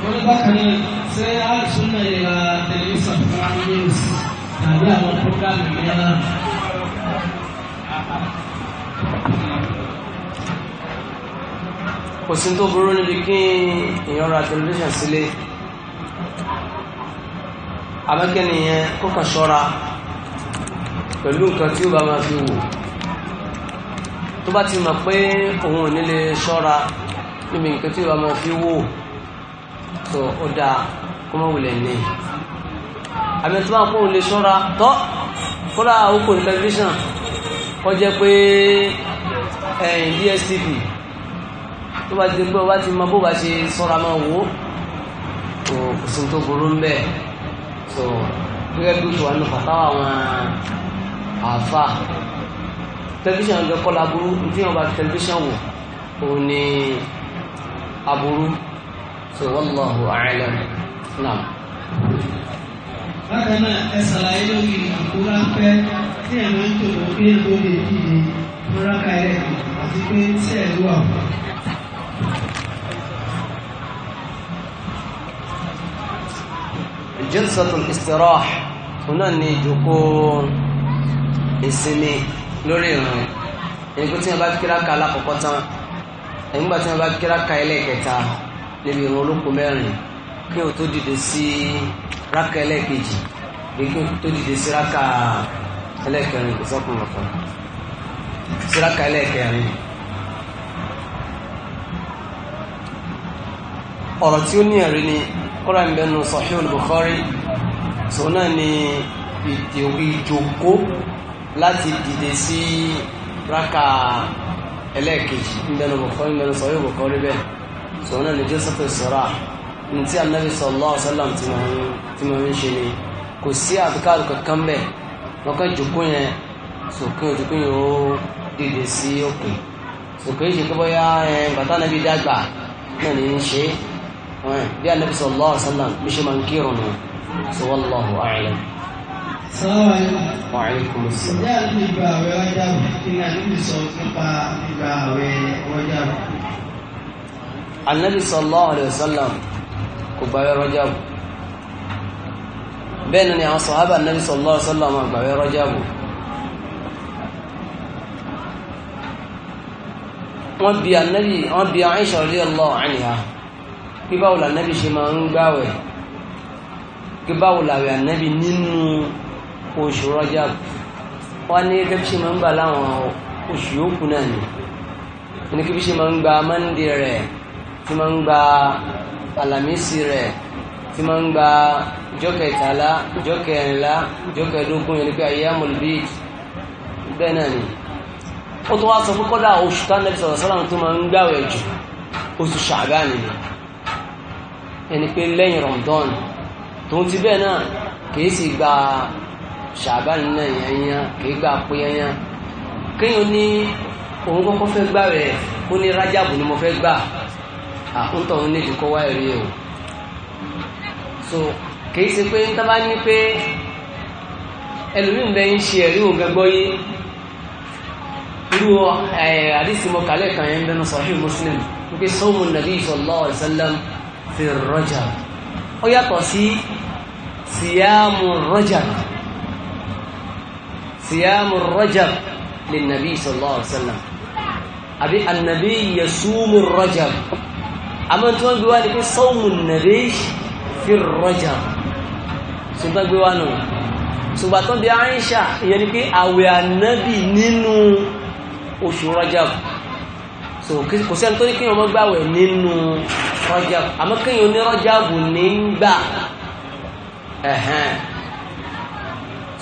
wọ́n ní bákan ní ṣé àìsùn náà tẹlifíṣàn fún àwọn news tàbí àwọn programme mìíràn kò sí tó burú níbi kí èèyàn ra tẹlifíṣàn sílé abẹ́kẹ́ nìyẹn kó kàn ṣọ́ra pẹ̀lú nǹkan tí ó bá máa fi wò tó bá ti mọ̀ pé òun ò ní lè ṣọ́ra níbi nǹkan tí ó bá máa fi wò tó ó dáa kó mọ̀ wulẹ̀ ní àmì tó bá ń kóhun lè ṣọ́ra tọ́ kódà ó tẹlifíṣàn kọjá pé DSTV tó bá ti pé ọba ti mọ bó bá ṣe sọ́ra máa wò ó kò sí tó burú ń bẹ́ẹ̀ so gẹ́gẹ́ bí oṣù wa ní fàtàwà àwọn àáfà tẹlifíṣàn ọjọ́ kọ́ laburú tí wọ́n bá fi tẹlifíṣàn wò òun ni aburú so wallahu a'lam náà. bákan náà ẹ ṣàlàyé lórí àkúrá pẹ́ tí ẹ̀ máa ń tòkó pé ó lè dìde lọ́rọ́ ká ẹ̀ àti pé tí ẹ̀ lù àwọn jilsatul istirah ọ̀nà ni ìjòkó ìsinmi lórí ìrìn ẹgbẹ́ tí wọ́n bá kíra ka alákọ̀ọ́kọ́ tán ẹgbẹ́ tí wọ́n bá kíra ka ẹlẹ́ẹ̀kẹta níbi ìrìn olókùn mẹ́rin kí o tó dìde sí ráka ẹlẹ́ẹ̀kejì bí kí o tó dìde sí ráka ẹlẹ́ẹ̀kẹrin kò sọ́kùnrin ọ̀kan sí ráka ẹlẹ́ẹ̀kẹrin. ọ̀rọ̀ tí ó ní ẹ̀rí ni kọ́lá ń bẹnu Sahih al tó náà ni ìdè ìjòkó láti dìde sí rákà ẹlẹ́ẹ̀kejì ń bẹnu Bukhari ń bẹnu Sahih al bẹ́ẹ̀ tó náà ni joseph sora ní tí anabi sallallahu alaihi wasallam tí mo ń ṣe ni kò sí àbíkárù kankan bẹ́ẹ̀ lọ́kàn ìjòkó yẹn sòkè òjòkó yẹn ó dìde sí òkè sòkè ìṣèkébọ́yá ẹ̀ bàtà nàbí dàgbà náà ní í ṣe é bí anabi sallallahu alaihi wasallam bí ṣe máa ń kírun nù sọ wallahu a'lam. sọ́wọ́n wa alaykum assalam. ìyá mi gba àwẹ̀ ọjà kí ni àdúgbò sọ nípa ìgbà àwẹ̀ ọjà. anabi sallallahu alaihi wasallam kò gba àwẹ̀ ọjà bù wọ́n bi anabi wọ́n bi Aisha radiyallahu anha kí báwo la nẹ́bí ṣe máa ń gbàwẹ̀ kí báwo làwẹ̀ ànẹ́bí nínú oṣù rọ́jà wọ́n ní kí bí ṣe máa ń gbà láwọn oṣù yòókù náà ni ní kí bí ṣe máa ń gba mọ́ndé rẹ̀ tí máa ń gba alamisi rẹ̀ tí máa ń gba jọ́kẹ̀tàlá jọ́kẹ̀rìnlá jọ́kẹ̀ẹ́dógún yẹn ní pé ayé amòlùbí bẹ́ẹ̀ náà ni ó tún wá sọ pé kọ́dà oṣù tánẹ́bí sọ̀rọ̀ sọ́lá ẹni pé lẹ́yìn Ramadan tòun ti bẹ́ẹ̀ náà kìí sì gba ṣàbánu náà yanyan kìí gba pé yanyan kéèyàn ní òun kọ́kọ́ fẹ́ gbà rẹ̀ ó ní rájàbù ni mo fẹ́ gbà àkúntọ̀ òun ní ìdíkọ́ wá rí o so kìí ṣe pé ń tábà ní pé ẹlòmíín bẹ́ẹ̀ ń ṣe ẹ̀rí òun gbẹ́gbọ́ yé irú àdìsí mọ̀kálẹ̀ kan yẹn ń bẹ́ẹ̀ sọ̀hìn Muslim wípé sọ́ọ̀mù nàbí sallallahu alaihi wasallam fi rọ́jà ó yàtọ̀ sí síyámù rọ́jà síyámù rọ́jà lè nàbí sallallahu alaihi wasallam àbí ànàbí yasumu rọ́jà àmọ́ tí wọ́n gbé wá ní pé sọ́ọ̀mù nàbí fi rọ́jà ṣùgbọ́n gbé wá nù ṣùgbọ́n tó bí Àìṣà ìyẹn ni pé àwẹ̀ ànábì nínú oṣù rọ́jà kò sẹ́ni tó ní kí wọ́n mọ́ gbàwẹ̀ nínú rọ́jà àmọ́ kéèyàn onírọ́jà bù ní ń gbà ẹ̀hẹ́n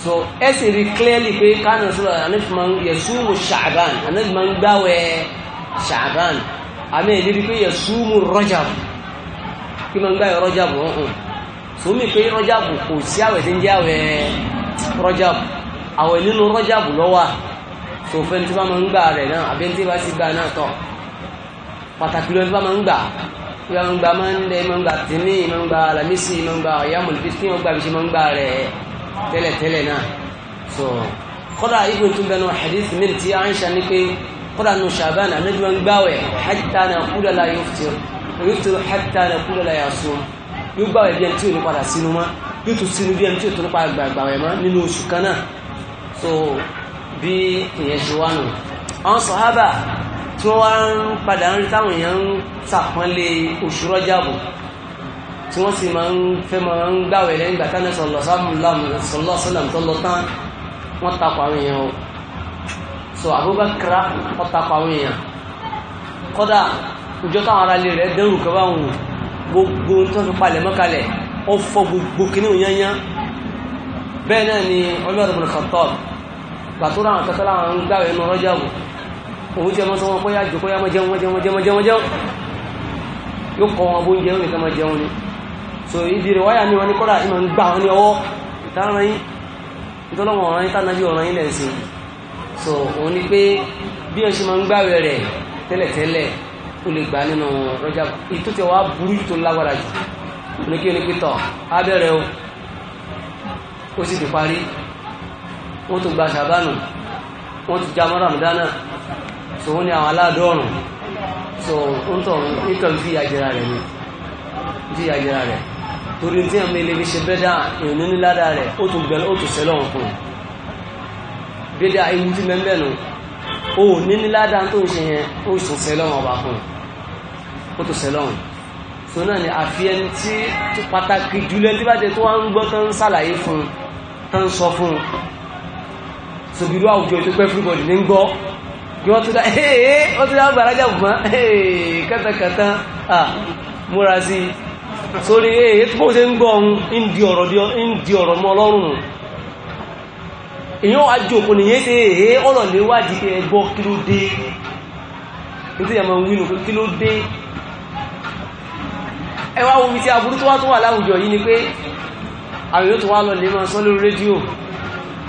so ẹ sì rí clearly pé kánà sọlọ ànábì máa ń yasumu ṣàbán ànábì máa ń gbàwẹ̀ ṣàbán àmì ìlérí pé yasumu rọ́jà bù kí máa ń gbàwẹ̀ rọ́jà bù ọ̀hún sómi pé rọ́jà bù kò sí àwẹ̀ tí ń jẹ́ àwẹ̀ rọ́jà bù àwẹ̀ nínú rọ́jà bù lọ́wọ́ sòfin tí wọ́n ń gbà rẹ̀ náà àbí tí ti gbà náà tọ̀ pàtàkì lọ́wọ́ tí wọ́n ń gbà yọ ń gba mọ́ndé mọ́ ń gba tìní mọ́ ń gba alamisi mọ́ ń gba ọ̀yàmùlùbí tí wọ́n rẹ̀ tẹ́lẹ̀tẹ́lẹ̀ náà so kódà ibi tún bẹnu hadith mi ti Aisha ní pé kódà nù Shaban anabi wọn gbàwẹ̀ hatta na kúlẹ̀ la yóò fi yóò fi hatta na kúlẹ̀ la yà sùn yóò gbàwẹ̀ bí ẹni tí yóò ní padà sínú mọ́ yóò tún sínú bí tí yóò tún padà gbàgbàwẹ̀ mọ́ nínú oṣù kan náà so bí ìyẹn ṣe wá nù àwọn sàhábà tí wọ́n wá ń padà ń rí táwọn èèyàn ń sàpọ́nlé oṣù rọ́jàbù tí wọ́n sì máa ń fẹ́ máa ń gbàwẹ̀ lẹ́yìn ìgbà tánà sọ̀lọ́sọ̀lọ́m tó lọ tán wọ́n takọ̀ àwọn èèyàn o so Abubakar wọ́n takọ̀ àwọn èèyàn kódà ìjọ táwọn ará ilé rẹ̀ dẹ́rù kọ́ bá wù gbogbo tó fi palẹ̀ mọ́kalẹ̀ ó fọ gbogbo kíní òyányá bẹ́ẹ̀ náà ni Umar ibn Khattab gbàtúrà àwọn kẹtàlá àwọn gbàwẹ̀ nù rọ́jàbù òun jẹ́ mọ́sán wọn kọ́yá jù kọ́yá mọ́ jẹun mọ́ jẹun mọ́ jẹun mọ́ jẹun mọ́ jẹun yóò kọ́ wọn bó ń jẹun nìkan mọ́ jẹun ni so ibi rẹ̀ wáyà ní wọn ní kọ́dà ìmọ̀ ń gbà wọn ní ọwọ́ ìtara yín ìtọ́lọ́wọ́ ọ̀ràn yín tánàbí ọ̀ràn yín lẹ́sí so òun ni pé bí ẹ ṣe máa ń gbàwẹ̀ rẹ̀ tẹ́lẹ̀tẹ́lẹ̀ ó lè gbà nínú rọ́jà ìtú tẹ burú tó lágbára jù òun ni kí ni pétọ̀ abẹ́rẹ́ o ó sì ti parí wọ́n tó gba ṣàbánu wọ́n ti já mọ́ràn dáná so wọ́n ní àwọn aládọ́rùn so ń tọ̀ nǹkan fi àjẹrà rẹ̀ ni fi àjẹrà rẹ̀ torí tí àwọn ilé ṣe bẹ́dà ìrìn nílada rẹ̀ ó tún gbẹ̀lẹ́ ó tún sẹ́lọ̀ fún un bẹ́dà ewu tí mẹ́mbẹ́ nu ó ní nílada tó ń ṣe yẹn ó tún sẹ́lọ̀ ọba fún un ó tún sẹ́lọ̀ so náà ni àfihàn tí pàtàkì jùlẹ̀ tí bá tó wá ń gbọ́ tán ń sàlàyé fún un tán ń sọ fún un so bí irú àwùjọ tó pẹ́ fúrúbọ̀dì ní ń gbọ́ ni wọ́n tún dá ẹ́ẹ̀ẹ́ ó tún dá gbàrájà ee katakata kátàkátà à múra sí sórí ẹ́ẹ̀ẹ́ tó bóun ṣe ń gbọ́ ọ̀hún ń di ọ̀rọ̀ ń di ọ̀rọ̀ mọ́ ọlọ́run èyàn wá jòkó nìyẹn ṣe ẹ́ẹ̀ẹ́ ọ̀rọ̀ lè kí ló dé ní ni pé àwọn yóò tó wá lọ lè máa sọ lórí rédíò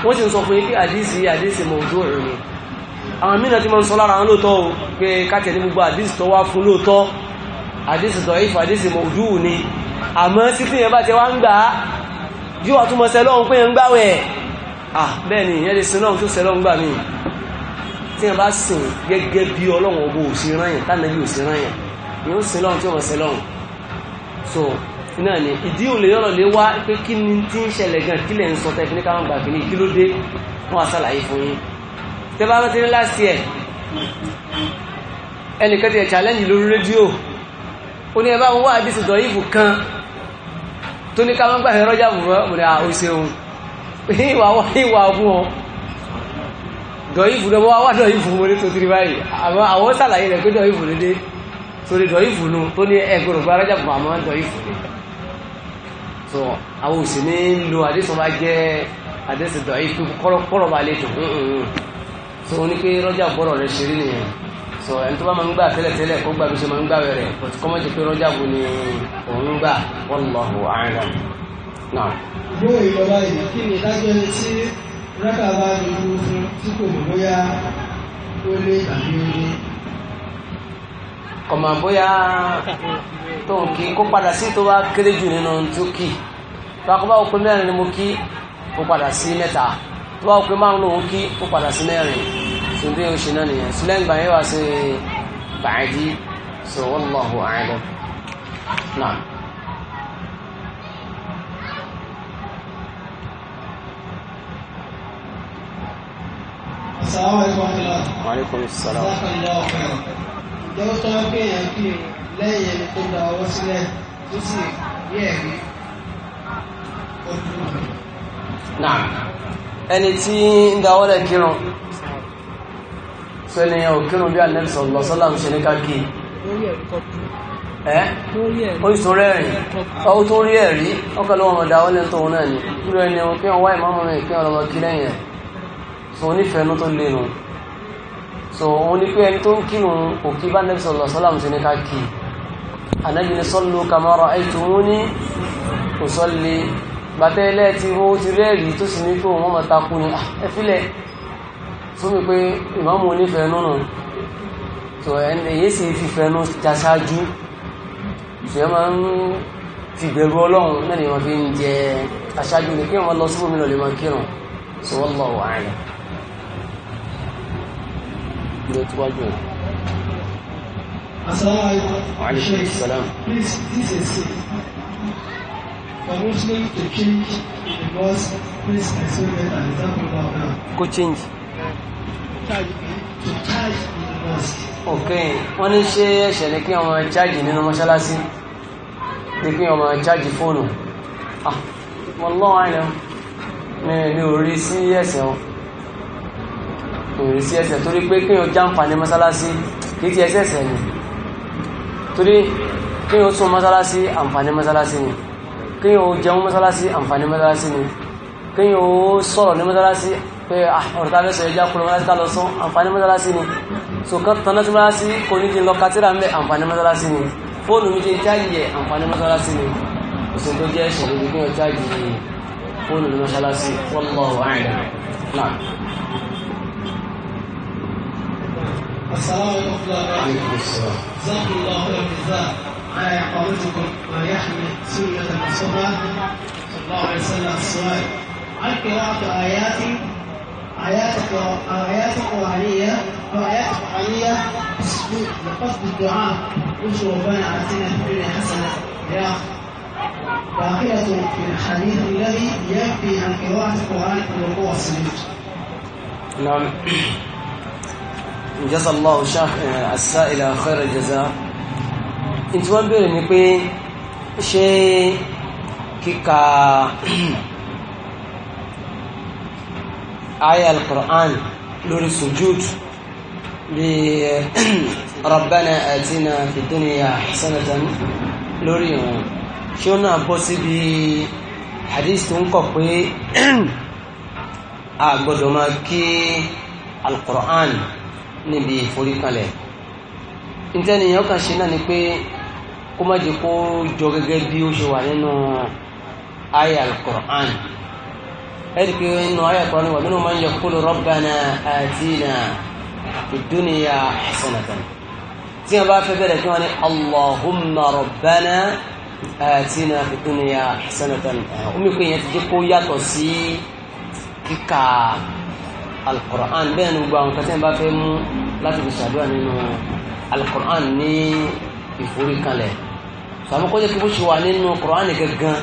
wọ́n sì ń sọ fún àwọn mìíràn tí ma ń sọ lára àwọn lóòtọ́ o pé káàkiri ní gbogbo àdísì tó wá fún lóòtọ́ àdísì tó ìfà àdísì mọ̀ ni àmọ́ sí tí yẹn bá ti wá ń gbà yóò wà túnmọ̀ sẹ́lọ́hun pé yẹn gbáwẹ̀ ah bẹ́ẹ̀ ni ìyẹn lè sin náà tó sẹ́lọ́hun gbà mí tí yẹn bá sìn gẹ́gẹ́ bí ọlọ́run ọgbọ òṣìráyàn tánàbí òṣìráyàn ni ó wọ́n sẹ́lọ́hun ni ìdí òun lè yọ̀rọ̀ lé wá pé ni tí ń ṣẹlẹ̀ gan kí lẹ̀ ń ni fún yín tẹ́ bá rántí ní láti ẹ̀ ẹnìkan ti ẹ̀ challenge lórí rédíò ó ní ẹ bá wọn wá àdìsí dọ̀ ìbù kan tó ní ká máa ń gbà ẹ̀rọ jáàbù rẹ̀ à ó ṣeun ìwà wá ìwà ọ̀bùn ọ dọ̀ ìbù lọ wá wá dọ̀ ìbù wọlé tó ti rí báyìí àmọ́ àwọn sàlàyé rẹ̀ pé dọ̀ ìbù ló dé torí dọ̀ ìbù nu tó ní ẹgbẹ̀rún gba rájà bù àmọ́ dọ̀ ìbù lé so àwọn òsì ní lo àdìsí wọn bá jẹ́ àdìsí dọ̀ ìbù kọ́rọ̀kọ́rọ̀ bá lè dùn mm, mm, mm tó o ní pé rọ́jà bọ́rọ̀ rẹ ṣe rí nìyẹn sọ ẹni tó bá máa ń gbà tẹ́lẹ̀tẹ́lẹ̀ kó gbà bí ṣe máa ń gbà rẹ̀ but kọ́ mọ́tò pé rọ́jà bù ni òun gbà wallahu a'lam náà. ìbéèrè ìjọba yìí kí ni ìdájọ́ ẹni tí rákà bá dúró fún tí kò mọ̀ bóyá ó lé tàbí ó lé. kọ̀mọ̀ bóyá tó ń kí kó padà sí tó bá kéré jù nínú tó kì tó akọ́bá òpin mẹ́rin ni mo kí ó padà sí mẹ́ta tó bá pé márùn lòun kí ó padà sí mẹ́rin tó ń dé oṣù náà nìyẹn sílẹ̀ ń gbà wá sí bàájí so wallahu a'lam náà. Assalamu alaikum warahmatullahi. Wa alaikum assalam. Ǹjẹ́ ó tọ́ pé èèyàn kí lẹ́yìn ẹni tó da ọwọ́ sílẹ̀ tó sì rí ẹ̀rí ọdún? Náà ẹni tí ń dáwọ́lẹ̀ kírun so ènìyàn ò kírun bí Ànábì sallallahu alaihi wasallam ṣe ní káàkì ẹ́ ó ìtún rẹ̀rìn ó tún rí ẹ̀rí ọkọ̀lọ́ ọmọ dáwọ́lẹ̀ tó náà ni irú ẹni kí wọ́n wá ìmáàmù rẹ̀ kí wọ́n lọ kí lẹ́yìn so onífẹ̀ẹ́nú tó lè nù so òun ní pé ẹni tó ń kírun kò bàtẹ́ ilẹ̀ ti ró ti rẹ́ẹ̀rí tó sì ní kó wọ́n mọ̀ta kú ni ah, ẹfílẹ̀ fún mi pé ìmọ̀mù onífẹ̀ẹ́ nùnù tó èyí sì fífẹ́ nù jaṣáájú ìfẹ́ máa ń fi ìbẹ̀rù ọlọ́run náà ni wọ́n fi ń jẹ aṣáájú ni kí lọ síbòmí lọ lè máa kírun Please, for Muslim to preach the mosque, please consider an example of that. Go charge in the mosque. Okay, wọ́n ní ṣé ẹ̀ṣẹ̀ ni kí ọmọ chájì nínú mọ́ṣáláṣí ní kí ọmọ chájì fóònù ah wallahu alam ní orí sí ẹ̀ṣẹ̀ wọn ìrìnsí ẹsẹ̀ torí pé kí o jàǹfààní mọ́sálásí kí ti ẹsẹ̀ ẹsẹ̀ ni torí kí o sún mọ́sálásí àǹfààní mọ́sálásí ni kí o jẹun mọ́sálásí àǹfààní mọ́sálásí ni kí o sọ̀rọ̀ ní mọ́sálásí pé ah, ọ̀rọ̀ tàbí sọ ẹja kúrò mọ́sálásí tàbí sọ àǹfààní mọ́sálásí ni so kan tọ́nà sí mọ́sálásí kò ní jìn lọ kátírà mẹ́ àǹfààní mọ́sálásí ni fóònù mi jẹ́ jáyẹ àǹfààní mọ́sálásí ni òsè tó jẹ́ ẹ̀ṣẹ̀ lórí kí o jáyẹ fóònù ní mọ́sálásí wallahu a'lam náà. السلام عليكم ورحمة الله وبركاته. جزاكم ما يعترضكم ويحمل سنة المصطفى صلى الله عليه وسلم السؤال عن قراءة آيات آيات آيات قرآنية وآيات قرآنية بقصد الدعاء قلت ربنا آتنا في الدنيا حسنة يا باقية في الحديث الذي ينفي عن قراءة القرآن في الوقوع السجود. نعم. جزا الله الشيخ السائل خير الجزاء tí wọ́n bèèrè ni pé ṣé kíka aya al-Qur'an lórí sujud lè rabbana atina fid dunya hasanatan lórí ìwọ̀n ṣé ó náà bọ́ síbi hadith tó ń kọ̀ pé a gbọ́dọ̀ kí al níbi ìforíkalẹ̀ ìtẹ́niyàn kan ṣe náà ni pé kó má jẹ́ kó jọ gẹ́gẹ́ bí ó ṣe wà nínú àyà alukur'an ẹ̀rí pé nínú àyà alukur'an wà nínú máa ń yẹ kúlù rabbana atina fid dunya hasanatan tí a bá fẹ́ bẹ̀rẹ̀ kí wọ́n ní allahumma rabbana atina fid dunya hasanatan omi pé yẹn ti jẹ́ kó yàtọ̀ sí kíkà alukur'an bẹ́ẹ̀ ni gbogbo àwọn kẹsẹ́ bá fẹ́ mú láti fi ṣàdúrà nínú alukur'an ní ìforíkalẹ̀. tàbí kó jẹ́ kí bó ṣe wà nínú kùránì gaggan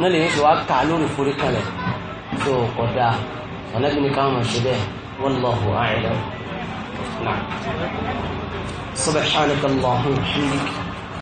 na lè ṣe wá kà lórí forí kalẹ̀ tó kọ̀ dáa ni kama shi dẹ wallahu a'lam na subhanaka allahumma